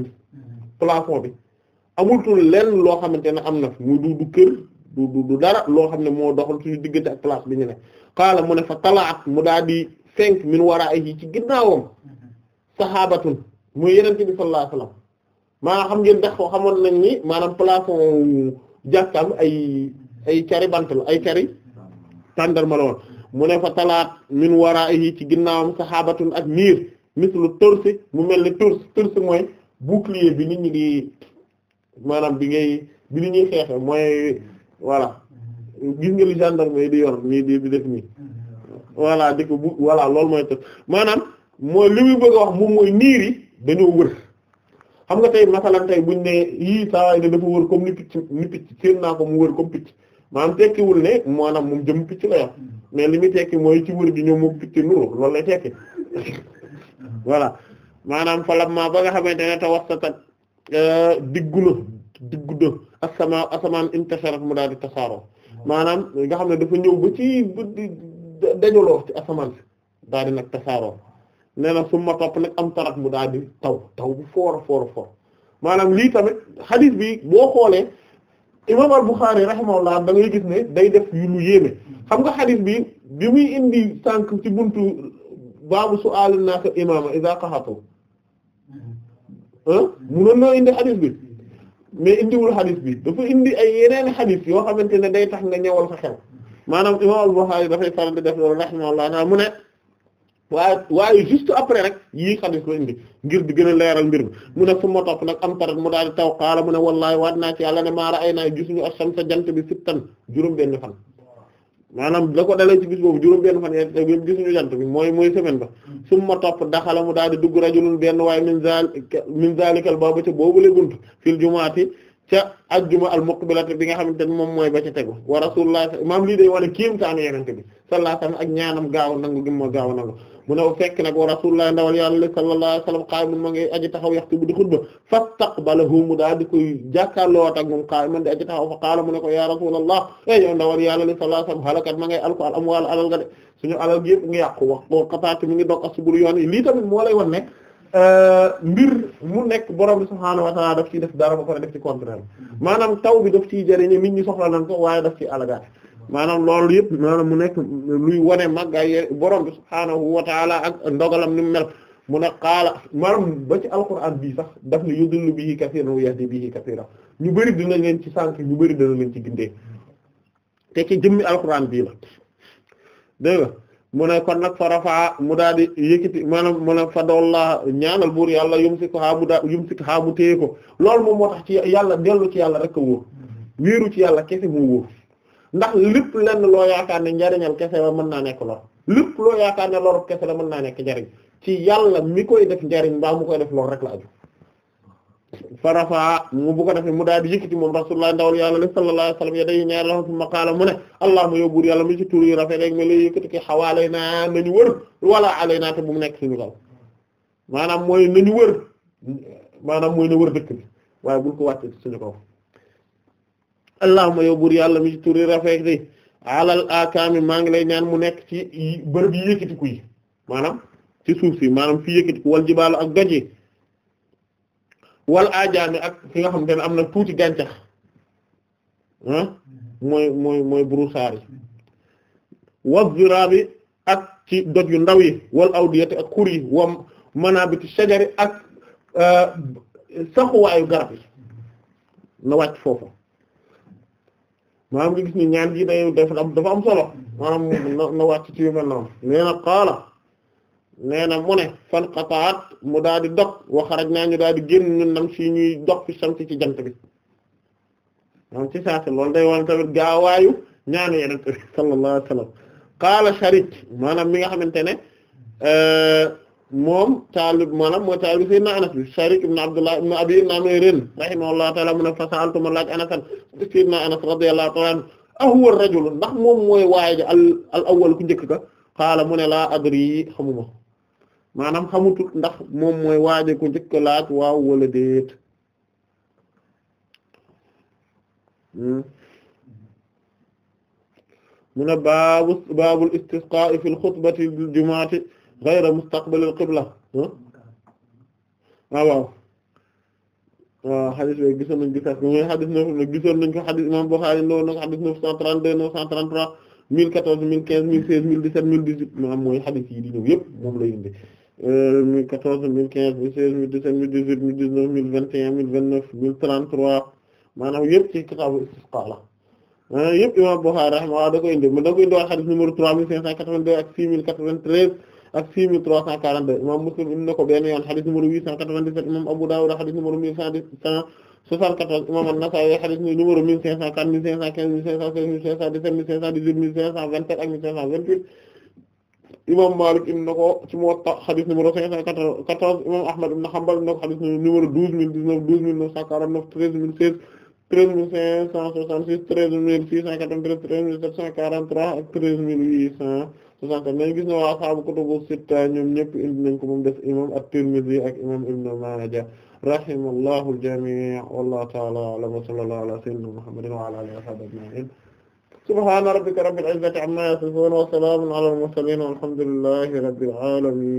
plafond bi amultul lenn loo xamante ne am na fi muy du du kër du dara loo xam ne moo doxal suñu diggante ak place bi ñu ne qaala mu ne fa talaat mu daal di cinq min waraahi ci ginnaawam saxaabatun muy yenente bi sallallahu alayhi wasallam maa xam ngeen ndax ko xamoon nañ ni maanaam plafond ay ay cari bant ay cari tàndarma la woon mu ne fa talaat min waraahi ci ginnaawam saxaabatun ak niir mislu tursi mu mel ni tursi tursi mooy bouclier bi nit ñi di maanaam bi ngay bi ni ñuy xeexe mooy voilà gis nga li gendarme yi di yor nii di di def bu voilà lool mooy tëb maanaam mooy li muy bëgg a wax moom mooy niir yi dañoo wër xam nga tey masalan tey buñ ne yii saa waay ne dafa wër comme ni picc ni picc seen naa ko mu wër comme picc maanaam tekkiwul ne maanaam moom jëm picc la yor mais li muy tekki mooy ci wër gi ñoom moo picc nuru loolu lay tekki voilà maanaam falab ma ba nga xamante ne tawassata euh, diggu na diggu na asamaan asamaan intasharat mu daal di tasaaroo maanaam nga xam ne dafa ñëw ba ci dajaloo ci asamaan si daal di nag tasaaroo nee na su ma topp nag am tarat mu daal taw taw bu foor a foor a foor maanaam lii tamit hadith bi boo xoolee imam al-Bukhari rahimahullah da ngay gis ne day def yu lu yéeme xam nga xadis bi bi muy indi sànq ci buntu baabu su'aalun naas imaama iza qahatu munoon na indi xadis bi mais indiwul xadis bi dafa indi ay yeneen xadis yoo xamante ne day tax nga ñëwal sa xel maanaam imam al-Bukhari dafay faral di def loolu rahimahullah mu ne waaye waaye juste après rek yii xadis lañ di ngir di gën a leeral mbir mi mu ne su ma topp nag am tarat mu daal di taw xaala mu ne wallahi waat naa ci yàlla ne maara ay naa gisuñu ash-shamsa jant bi sittan juróom benn fan maanaam la ko dalee ci bis boobu juróom benn fan yéen yëpp gisuñu jant bi mooy mooy semaine ba su ma mu daal di dugg rajulun benn waaye min zalika min zalikal baaba ca boobule bunt fil jumaati ca ajjuma al muqbilati bi nga xamante ne moom mooy ba ca tegu wa rasulullah maam lii day wane kéimtaanu yenente bi sallallahu alayhi wasallam ak ñaanam gaaw nangu gi ma gaaw nangu mu ne fekk nag wa rasulullah ndawal yàlla sallallahu alayhi wasallam qa'imun ma ngi aji taxaw yaxtubu di xutba fastaqbalahu mu daal di koy jàkkaarloo ak moom qa'iman di aji taxaw fa qaala mu ne ko ya rasulullah ey yow ndawal yàlla sallallahu alayhi wasallam halakat ma ngay alko al amwal alal nga de suñu alal gi yëpp nga yàqu wax ko kapaati mu ngi dog asubul yoon yi lii tamit moo lay won ne euh, mbir mu nekk borom bi subhaanahu wa ta'ala daf ciy def dara ba pare def ci contraire maanaam taw bi daf ciy jëriñe nit ñi soxla nañ ko waaye daf ciy alagaate maanaam loolu yëpp maanaam mu nekk luy wane màggaay borom bi subhaanahu wa ak ndogalam ni mu mel mu ne xaala maanaam ba ci alquran bii sax daf ne yudillu bihi kaseeran wa yahdi bihi kaseeran ñu bëri dina leen ci sànk ñu bari dina leen ci gindee te ci jëmmi alquran bii la dégg nga mu nag fa rafaa mu daal di yëkkati maanaam mu ne fa dolla ñaanal buur yàlla yum si ko mu daa yum téye ko loolu moom moo tax ci yàlla dellu ci yàlla rek a wóor ci yàlla kese moo wóor ndax lépp lenn loo yaakaar ne njariñal kese la mën naa nekk lor lépp loo yaakaar ne lor kese la mën naa nekk njariñ ci yàlla mi koy def njariñ mbaa mu koy def lor rek la aju farafa mu bu ko defee mu daal di yëkkati moom rasulullah ndawal yàlla li sallallahu alayhi wasallam ya day ñaar la suma qaala ne allahumma yow buur yàlla mi ci tur yu rafet rek ma lay yëkkati ki naa nañu wër wala alay naa te bu mu nekk suñu kaw maanaam mooy nañu wër maanaam mooy na wër dëkk bi waaye bul ko wàcc suñu kaw allahumma yow buur yàlla mi ci turi rafet yi alal akaami maa ngi lay ñaan mu nekk ci bërëb yi yëkkatiku yi maanaam ci suuf si maanaam fi yëkkatiku wal jibaalu ak gaj wal aajaami ak fi nga xamante ne am na tuuti gàncax ah mooy ci doj yu ndaw yi wal awdiyati ak xur yi wa manaabiti sajari ak ah, saxuwaayu garab yi na wàcc foofu maanaam nga gis ni ñaan gi day def dafa am solo maanaam na wàcc ci yu mel noonu nee na qaala nee na mu ne fan qataat mu daal di dog wa xarajnaa ñu daal di génn ñun nam si ñuy dog fi samsi ci jant bi maanaam ci saasi loolu day wan tamit gaawaayu ñaan yeneen sallallahu alayhi wa sallam qaala sharik maanaam mi nga xamante ne euh, moom taalib maanaam mooy taalib sayyidina Anas bi Sharik ibn Abdullah ibn Abi Namirin rahimahullahu ta'ala mu ne fasa'altu ma laaj Anas sayyidina Anas radiyallahu ta'ala anhu ahuwa ar-rajul ndax moom mooy waaye ji al al awwal ku njëkk ka xaala mu ne laa adri xamuma maanaam xamutul ndax moom mooy waaje ku njëkk ka laaj waaw wala déet hmm. mu ne baabu baabul istisqaa'i fil xutbati al-jumu'ati ghayra mustaqbalil qibla ah waaw waaw xadis bi gisoon nañ gisaat mooy xadis neuf gisoon nañ ko xadis imam Bukhari loolu na ko xadis neuf cent trente-deux neuf cent trente-trois mille quatorze mille quinze mille seize mille dix-sept mille dix-huit maanaam mooy xadis yi di ñëw yëpp moom lay indi euh, mille quatorze mille quinze mille seize mille dix-sept mille dix-huit mille dix-neuf mille vingt et un mille vingt-neuf mille trente-trois maanaam yëpp ci kitaabu istisqa la euh, yëpp imam Bukhari rahimahullah da ko indi da ko indi waa xadis numéro trois mille cinq cent quatre-vingt-deux ak six mille quatre-vingt-treize ak 6342 imam Muslim indi na ko benn yoon xadis numéro 897 imam Abu Dawud xadis numéro 1174 imam An-Nasa'i xadis numéro 1504 1515 1516 1517 1518 1527 ak 1528 imam Malik indi na ko ci Muwatta xadis numéro 514 imam Ahmad ibn Hanbal indi na ko xadis numéro 12019 12949 13016 13566 13693 13743 ak 13800 60 mais gis na waa ashaabu kutubu sitta ñoom ñëpp indi nañ ko moom des imam at-Tirmidhi ak imam Ibn Maaja rahimallahu al-jamii' wallahu ta'ala a'lam wa sallallahu ala sayyidina Muhammadin wa ala alihi wa sahbihi ajma'in subhana rabbika rabbil izzati amma yasifun wa salamun ala al-mursalin walhamdulillahi rabbil alamin